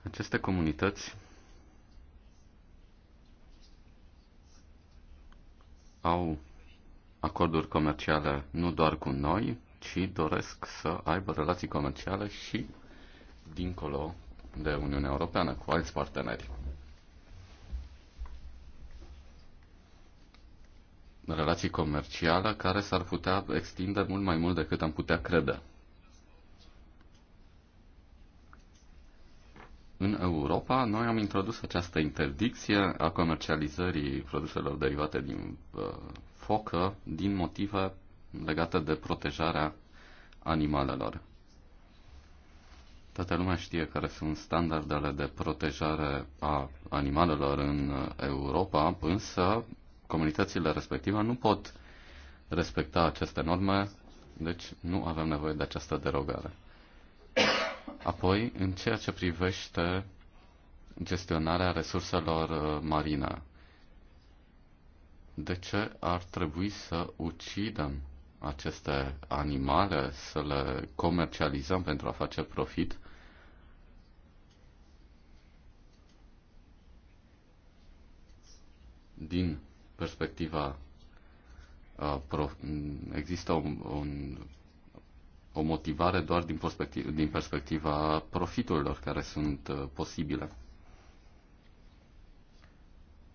Aceste comunități au acorduri comerciale nu doar cu noi, ci doresc să aibă relații comerciale și dincolo de Uniunea Europeană cu alți parteneri. Relații comerciale care s-ar putea extinde mult mai mult decât am putea crede. În Europa, noi am introdus această interdicție a comercializării produselor derivate din uh, focă din motive legată de protejarea animalelor. Toată lumea știe care sunt standardele de protejare a animalelor în Europa, însă comunitățile respective nu pot respecta aceste norme, deci nu avem nevoie de această derogare. Apoi, în ceea ce privește gestionarea resurselor uh, marine, de ce ar trebui să ucidem aceste animale, să le comercializăm pentru a face profit. Din perspectiva există un, un, o motivare doar din, perspectiva, din perspectiva profiturilor care sunt posibile.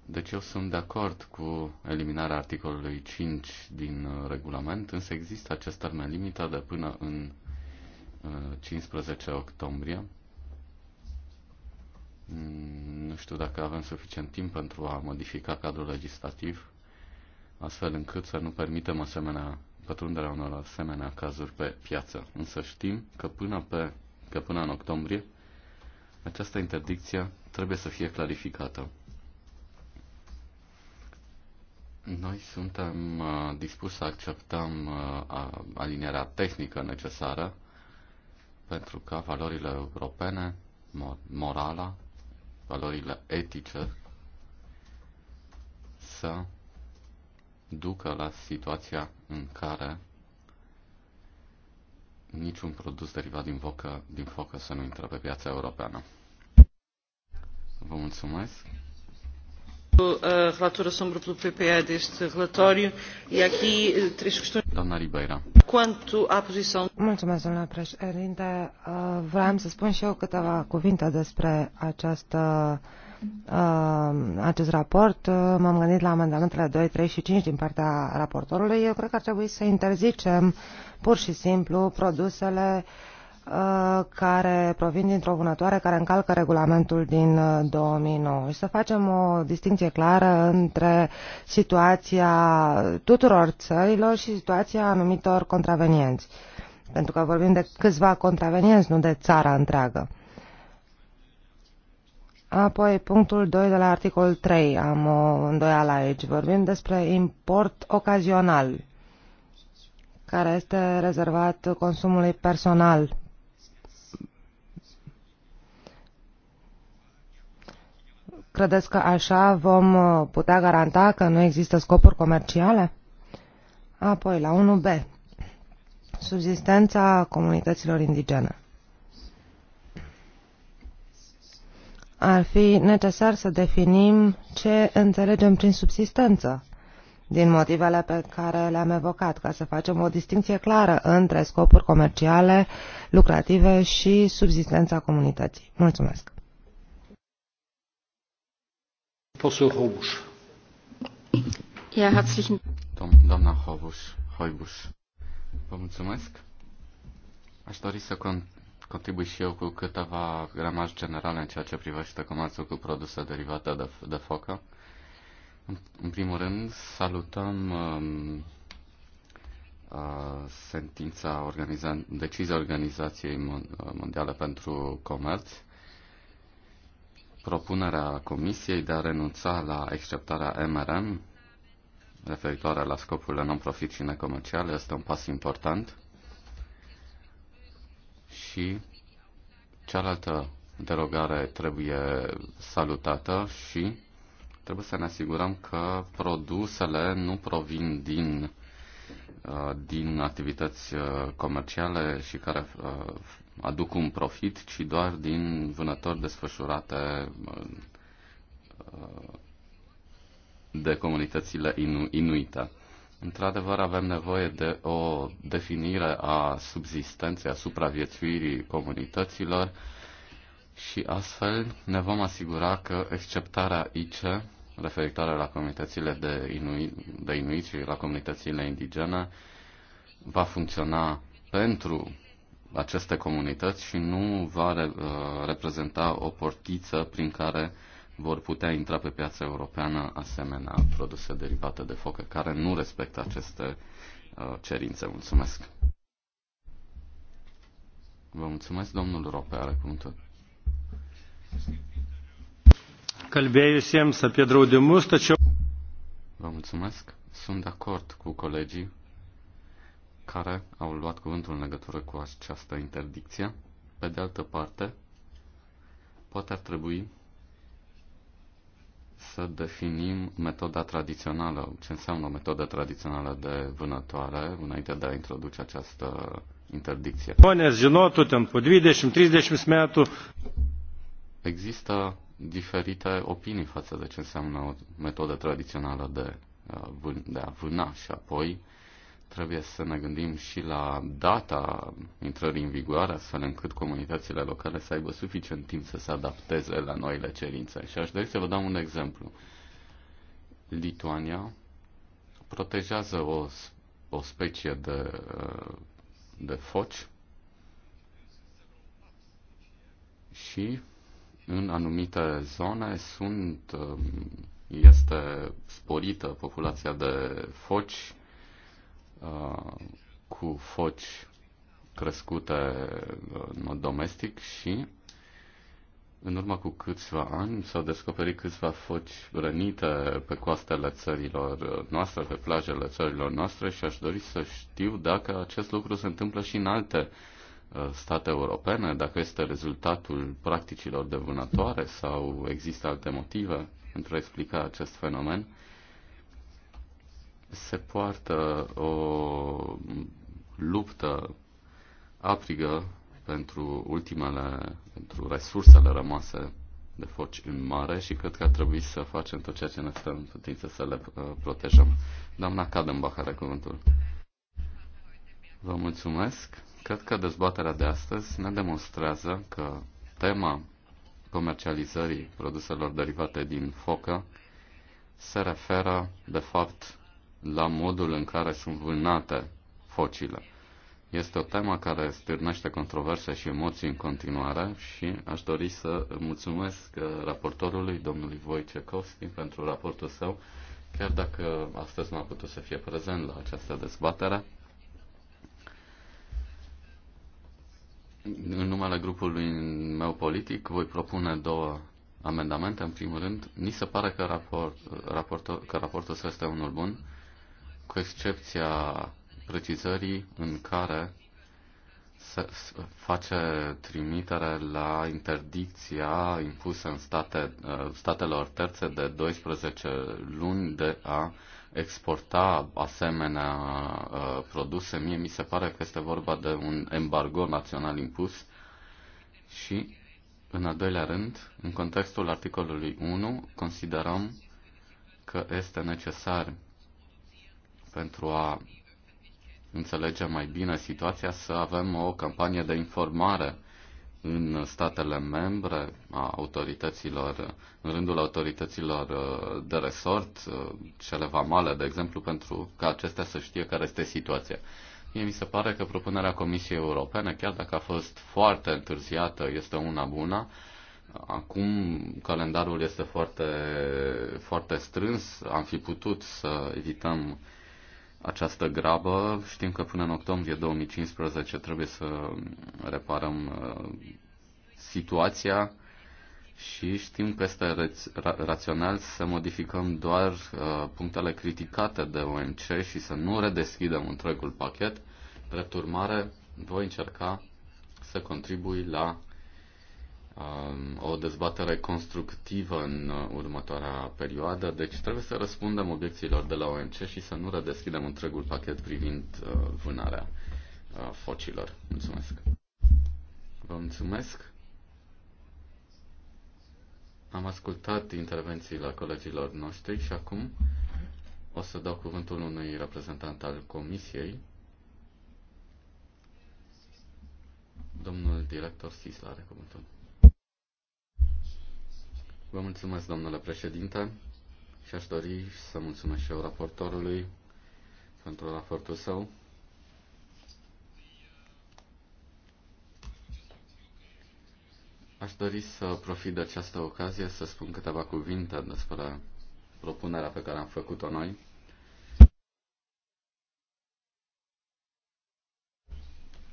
Deci eu sunt de acord cu eliminarea articolului 5 din uh, regulament, însă există acest termen limită de până în 15 uh, octombrie. Mm, nu știu dacă avem suficient timp pentru a modifica cadrul legislativ, astfel încât să nu permitem asemenea pătrunderea unor asemenea cazuri pe piață. Însă știm că până, pe, că până în octombrie această interdicție trebuie să fie clarificată. Noi suntem uh, dispuși să acceptăm uh, alinierea tehnică necesară pentru ca valorile europene, morala, valorile etice să ducă la situația în care niciun produs derivat din vocă, din focă să nu intre pe piața europeană. Vă mulțumesc! Eh, relatora sombra um pelo PPE deste relatório e aqui eh, três questões. Doamna Ribeira. Quanto à posição... Mulțumesc, doamna președinte. Eh, vreau să spun și eu câteva cuvinte despre această acest raport. M-am gândit la amendamentele 2, 3 și 5 din partea raportorului. Eu cred că ar trebui să interzicem pur și simplu produsele uh, Uh, care provin dintr-o vânătoare care încalcă regulamentul din 2009 uh, și să facem o distinție clară între situația tuturor țărilor și situația anumitor contravenienți. Pentru că vorbim de câțiva contravenienți, nu de țara întreagă. Apoi, punctul 2 de la articol 3, am o îndoială aici. Vorbim despre import ocazional, care este rezervat consumului personal Credeți că așa vom uh, putea garanta că nu există scopuri comerciale? Apoi, la 1B, subsistența comunităților indigene. Ar fi necesar să definim ce înțelegem prin subsistență, din motivele pe care le-am evocat, ca să facem o distinție clară între scopuri comerciale, lucrative și subsistența comunității. Mulțumesc! Doamna Hobuș, Hoibuș. Vă mulțumesc. Aș dori să con- contribui și eu cu câteva gramaj generale în ceea ce privește comerțul cu produse derivate de, de focă. În, în primul rând, salutăm um, uh, sentința organiza- decizia Organizației Mondiale pentru Comerț Propunerea Comisiei de a renunța la acceptarea MRM referitoare la scopurile non-profit și necomerciale este un pas important și cealaltă derogare trebuie salutată și trebuie să ne asigurăm că produsele nu provin din, uh, din activități uh, comerciale și care uh, aduc un profit, ci doar din vânători desfășurate uh, de comunitățile inu- inuite. Într-adevăr, avem nevoie de o definire a subzistenței, a supraviețuirii comunităților și astfel ne vom asigura că exceptarea IC, referitoare la comunitățile de, inui, de inuit și la comunitățile indigene, va funcționa pentru aceste comunități și nu va re, uh, reprezenta o portiță prin care vor putea intra pe piața europeană asemenea produse derivate de focă care nu respectă aceste uh, cerințe. Mulțumesc! Vă mulțumesc, domnul Rope, are cuvântul. Kalbėjusiems apie draudimus, tačiau... Vă mulțumesc. Sunt de acord cu colegii care au luat cuvântul în legătură cu această interdicție. Pe de altă parte, poate ar trebui să definim metoda tradițională, ce înseamnă metoda tradițională de vânătoare, înainte de a introduce această interdicție. Există diferite opinii față de ce înseamnă o metodă tradițională de, uh, de a vâna și apoi uh, Trebuie să ne gândim și la data intrării în vigoare, astfel încât comunitățile locale să aibă suficient timp să se adapteze la noile cerințe. Și aș dori să vă dau un exemplu. Lituania protejează o, o specie de, de foci și în anumite zone sunt, este sporită populația de foci Uh, cu foci crescute uh, în mod domestic și în urmă cu câțiva ani s-au descoperit câțiva foci rănite pe coastele țărilor uh, noastre, pe plajele țărilor noastre și aș dori să știu dacă acest lucru se întâmplă și în alte state europene, dacă este rezultatul practicilor de vânătoare sau există alte motive pentru a explica acest fenomen se poartă o luptă aprigă pentru ultimele, pentru resursele rămase de foci în mare și cred că ar trebui să facem tot ceea ce ne stă în putință să le uh, protejăm. Doamna Kadenbach are cuvântul. Vă mulțumesc. Cred că dezbaterea de astăzi ne demonstrează că tema comercializării produselor derivate din focă se referă, de fapt, la modul în care sunt vânate focile. Este o temă care stârnește controverse și emoții în continuare și aș dori să mulțumesc uh, raportorului, domnului Wojciechowski, pentru raportul său, chiar dacă astăzi nu a putut să fie prezent la această dezbatere. În numele grupului meu politic voi propune două amendamente. În primul rând, ni se pare că, raport, raportul, că raportul său este unul bun excepția precizării în care se face trimitere la interdicția impusă în state, uh, statelor terțe de 12 luni de a exporta asemenea uh, produse. Mie mi se pare că este vorba de un embargo național impus și, în al doilea rând, în contextul articolului 1, considerăm că este necesar pentru a înțelege mai bine situația, să avem o campanie de informare în statele membre a autorităților, în rândul autorităților uh, de resort, uh, cele vamale, de exemplu, pentru ca acestea să știe care este situația. Mie mi se pare că propunerea Comisiei Europene, chiar dacă a fost foarte întârziată, este una bună. Acum calendarul este foarte, foarte strâns, am fi putut să evităm uh, această grabă. Știm că până în octombrie 2015 trebuie să reparăm uh, situația și știm că este rațional să modificăm doar uh, punctele criticate de OMC și să nu redeschidem întregul pachet. Drept urmare, voi încerca să contribui la Um, o dezbatere constructivă în uh, următoarea perioadă, deci trebuie să răspundem obiecțiilor de la OMC și să nu redeschidem întregul pachet privind uh, vânarea uh, focilor. Mulțumesc! Vă mulțumesc! Am ascultat intervențiile colegilor noștri și acum o să dau cuvântul unui reprezentant al Comisiei, domnul director Sisla are cuvântul. Vă mulțumesc, domnule președinte, și aș dori să mulțumesc și eu raportorului pentru raportul său. Aș dori să profit de această ocazie să spun câteva cuvinte despre propunerea pe care am făcut-o noi.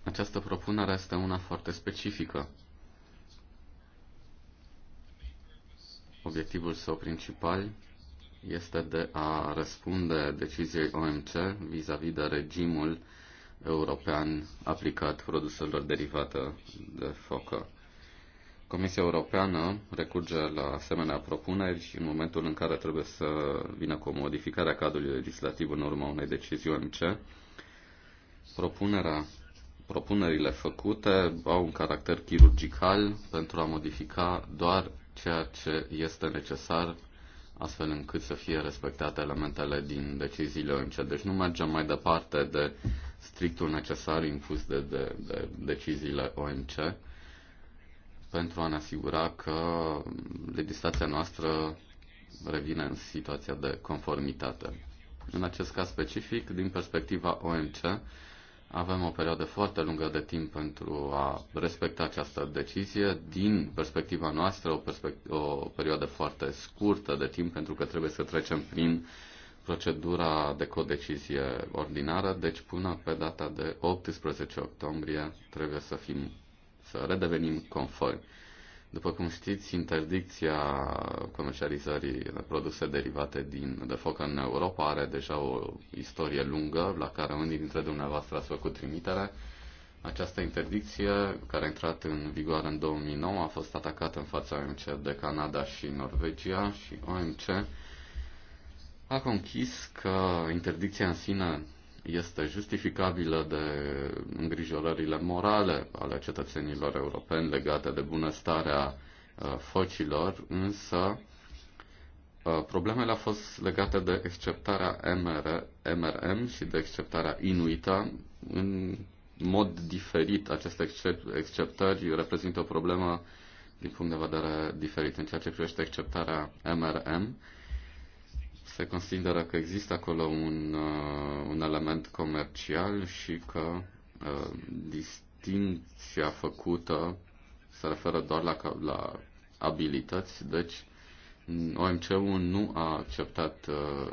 Această propunere este una foarte specifică Obiectivul său principal este de a răspunde deciziei OMC vis-a-vis -vis de regimul european aplicat produselor derivate de focă. Comisia Europeană recurge la asemenea propuneri în momentul în care trebuie să vină cu o modificare a cadrului legislativ în urma unei decizii OMC. Propunerea, propunerile făcute au un caracter chirurgical pentru a modifica doar ceea ce este necesar astfel încât să fie respectate elementele din deciziile OMC. Deci nu mergem mai departe de strictul necesar impus de, de, de deciziile OMC pentru a ne asigura că legislația noastră revine în situația de conformitate. În acest caz specific, din perspectiva OMC, avem o perioadă foarte lungă de timp pentru a respecta această decizie. Din perspectiva noastră, o, perspect- o perioadă foarte scurtă de timp pentru că trebuie să trecem prin procedura de codecizie ordinară, deci până pe data de 18 octombrie trebuie să fim, să redevenim conformi. După cum știți, interdicția comercializării de produse derivate din, de foc în Europa are deja o istorie lungă la care unii dintre dumneavoastră ați făcut trimitere. Această interdicție, care a intrat în vigoare în 2009, a fost atacată în fața OMC de Canada și Norvegia și OMC a conchis că interdicția în sine este justificabilă de îngrijorările morale ale cetățenilor europeni legate de bunăstarea uh, focilor, însă uh, problemele au fost legate de acceptarea MR, MRM și de acceptarea Inuita în mod diferit. Aceste acceptări reprezintă o problemă din punct de vedere diferit. În ceea ce privește acceptarea MRM, se consideră că există acolo un, uh, un element comercial și că uh, distinția făcută se referă doar la, la abilități, deci OMC-ul nu a acceptat uh,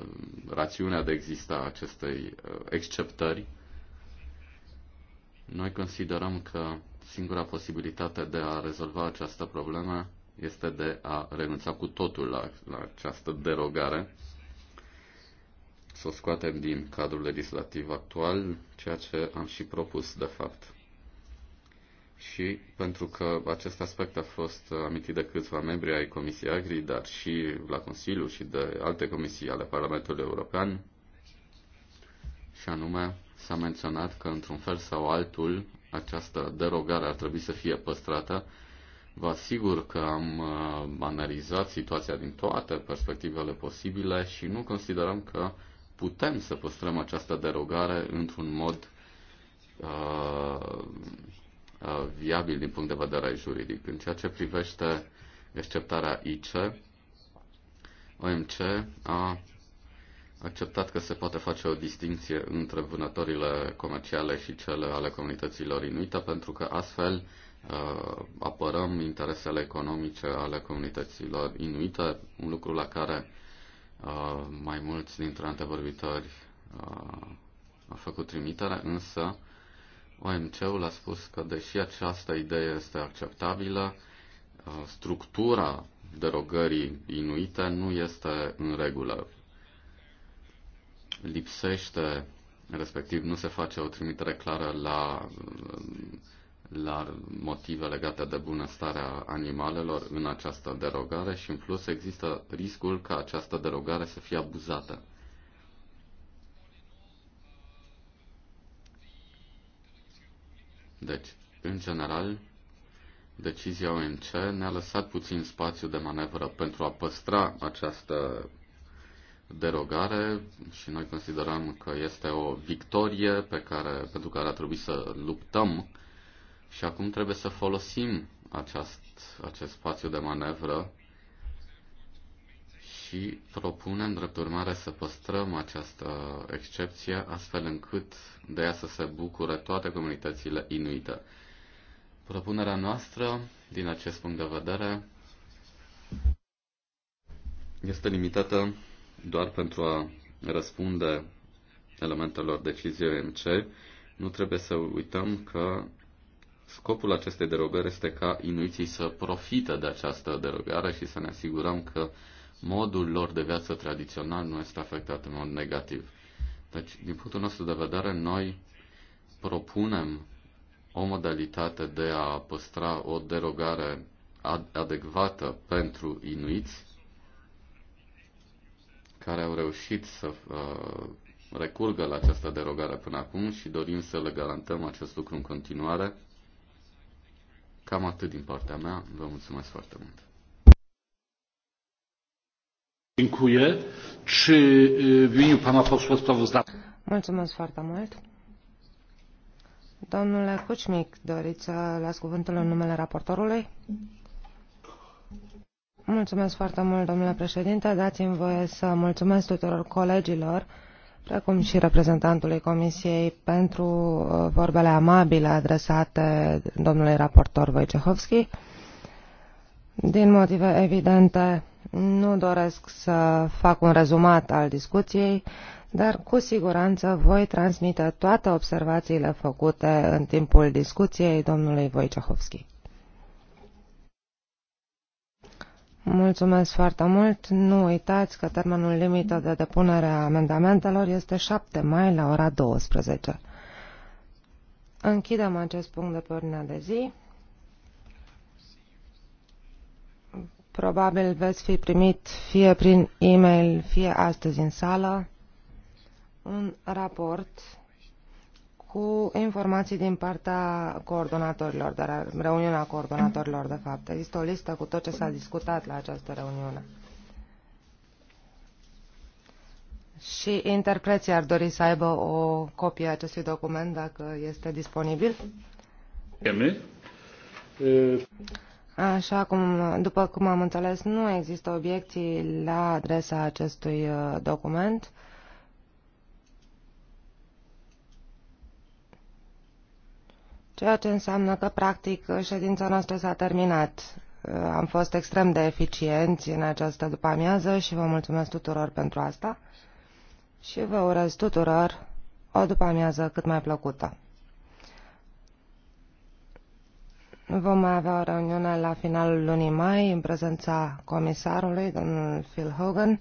rațiunea de exista acestei uh, exceptări. Noi considerăm că singura posibilitate de a rezolva această problemă este de a renunța cu totul la, la această derogare să o scoatem din cadrul legislativ actual, ceea ce am și propus, de fapt. Și pentru că acest aspect a fost amintit de câțiva membri ai Comisiei Agri, dar și la Consiliu și de alte comisii ale Parlamentului European, și anume s-a menționat că într-un fel sau altul această derogare ar trebui să fie păstrată. Vă asigur că am uh, analizat situația din toate perspectivele posibile și nu considerăm că putem să păstrăm această derogare într-un mod uh, uh, viabil din punct de vedere juridic. În ceea ce privește exceptarea IC, OMC a acceptat că se poate face o distinție între vânătorile comerciale și cele ale comunităților inuite, pentru că astfel uh, apărăm interesele economice ale comunităților inuite, un lucru la care Uh, mai mulți dintre antevorbitori uh, au făcut trimitere, însă OMC-ul a spus că deși această idee este acceptabilă, uh, structura derogării inuite nu este în regulă. Lipsește, respectiv nu se face o trimitere clară la uh, la motive legate de bunăstarea animalelor în această derogare și în plus există riscul ca această derogare să fie abuzată. Deci, în general, decizia OMC ne-a lăsat puțin spațiu de manevră pentru a păstra această derogare și noi considerăm că este o victorie pe care, pentru care ar trebui să luptăm și acum trebuie să folosim acest, acest spațiu de manevră și propunem, drept urmare, să păstrăm această excepție, astfel încât de ea să se bucure toate comunitățile inuite. Propunerea noastră, din acest punct de vedere, este limitată doar pentru a răspunde elementelor deciziei OMC. Nu trebuie să uităm că Scopul acestei derogări este ca inuiții să profită de această derogare și să ne asigurăm că modul lor de viață tradițional nu este afectat în mod negativ. Deci, din punctul nostru de vedere, noi propunem o modalitate de a păstra o derogare ad- adecvată pentru inuiți care au reușit să uh, recurgă la această derogare până acum și dorim să le garantăm acest lucru în continuare Cam atât din partea mea. Vă mulțumesc foarte mult. Dziękuję. Czy w imieniu pana posła sprawozdawcy? Mulțumesc foarte mult. Domnule Cucmic, doriți să luați cuvântul în numele raportorului? Mulțumesc foarte mult, domnule președinte. Dați-mi voie să mulțumesc tuturor colegilor precum și reprezentantului Comisiei pentru uh, vorbele amabile adresate domnului raportor Wojciechowski. Din motive evidente, nu doresc să fac un rezumat al discuției, dar cu siguranță voi transmite toate observațiile făcute în timpul discuției domnului Wojciechowski. Mulțumesc foarte mult. Nu uitați că termenul limită de depunere a amendamentelor este 7 mai la ora 12. Închidem acest punct de pe ordinea de zi. Probabil veți fi primit fie prin e-mail, fie astăzi în sală, un raport cu informații din partea coordonatorilor, dar reuniunea coordonatorilor, de fapt. Există o listă cu tot ce s-a discutat la această reuniune. Și interpreții ar dori să aibă o copie a acestui document, dacă este disponibil. Așa cum, după cum am înțeles, nu există obiecții la adresa acestui uh, document. ceea ce înseamnă că, practic, ședința noastră s-a terminat. Uh, am fost extrem de eficienți în această după-amiază și vă mulțumesc tuturor pentru asta și vă urez tuturor o după-amiază cât mai plăcută. Vom mai avea o reuniune la finalul lunii mai în prezența comisarului, domnul Phil Hogan,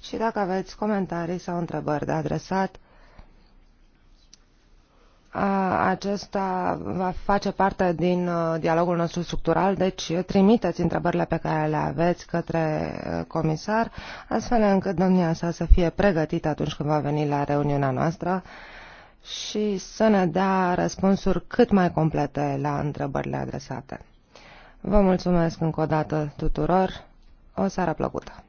și dacă aveți comentarii sau întrebări de adresat, acesta va face parte din uh, dialogul nostru structural, deci trimiteți întrebările pe care le aveți către uh, comisar, astfel încât domnia sa să fie pregătită atunci când va veni la reuniunea noastră și să ne dea răspunsuri cât mai complete la întrebările adresate. Vă mulțumesc încă o dată tuturor. O seară plăcută!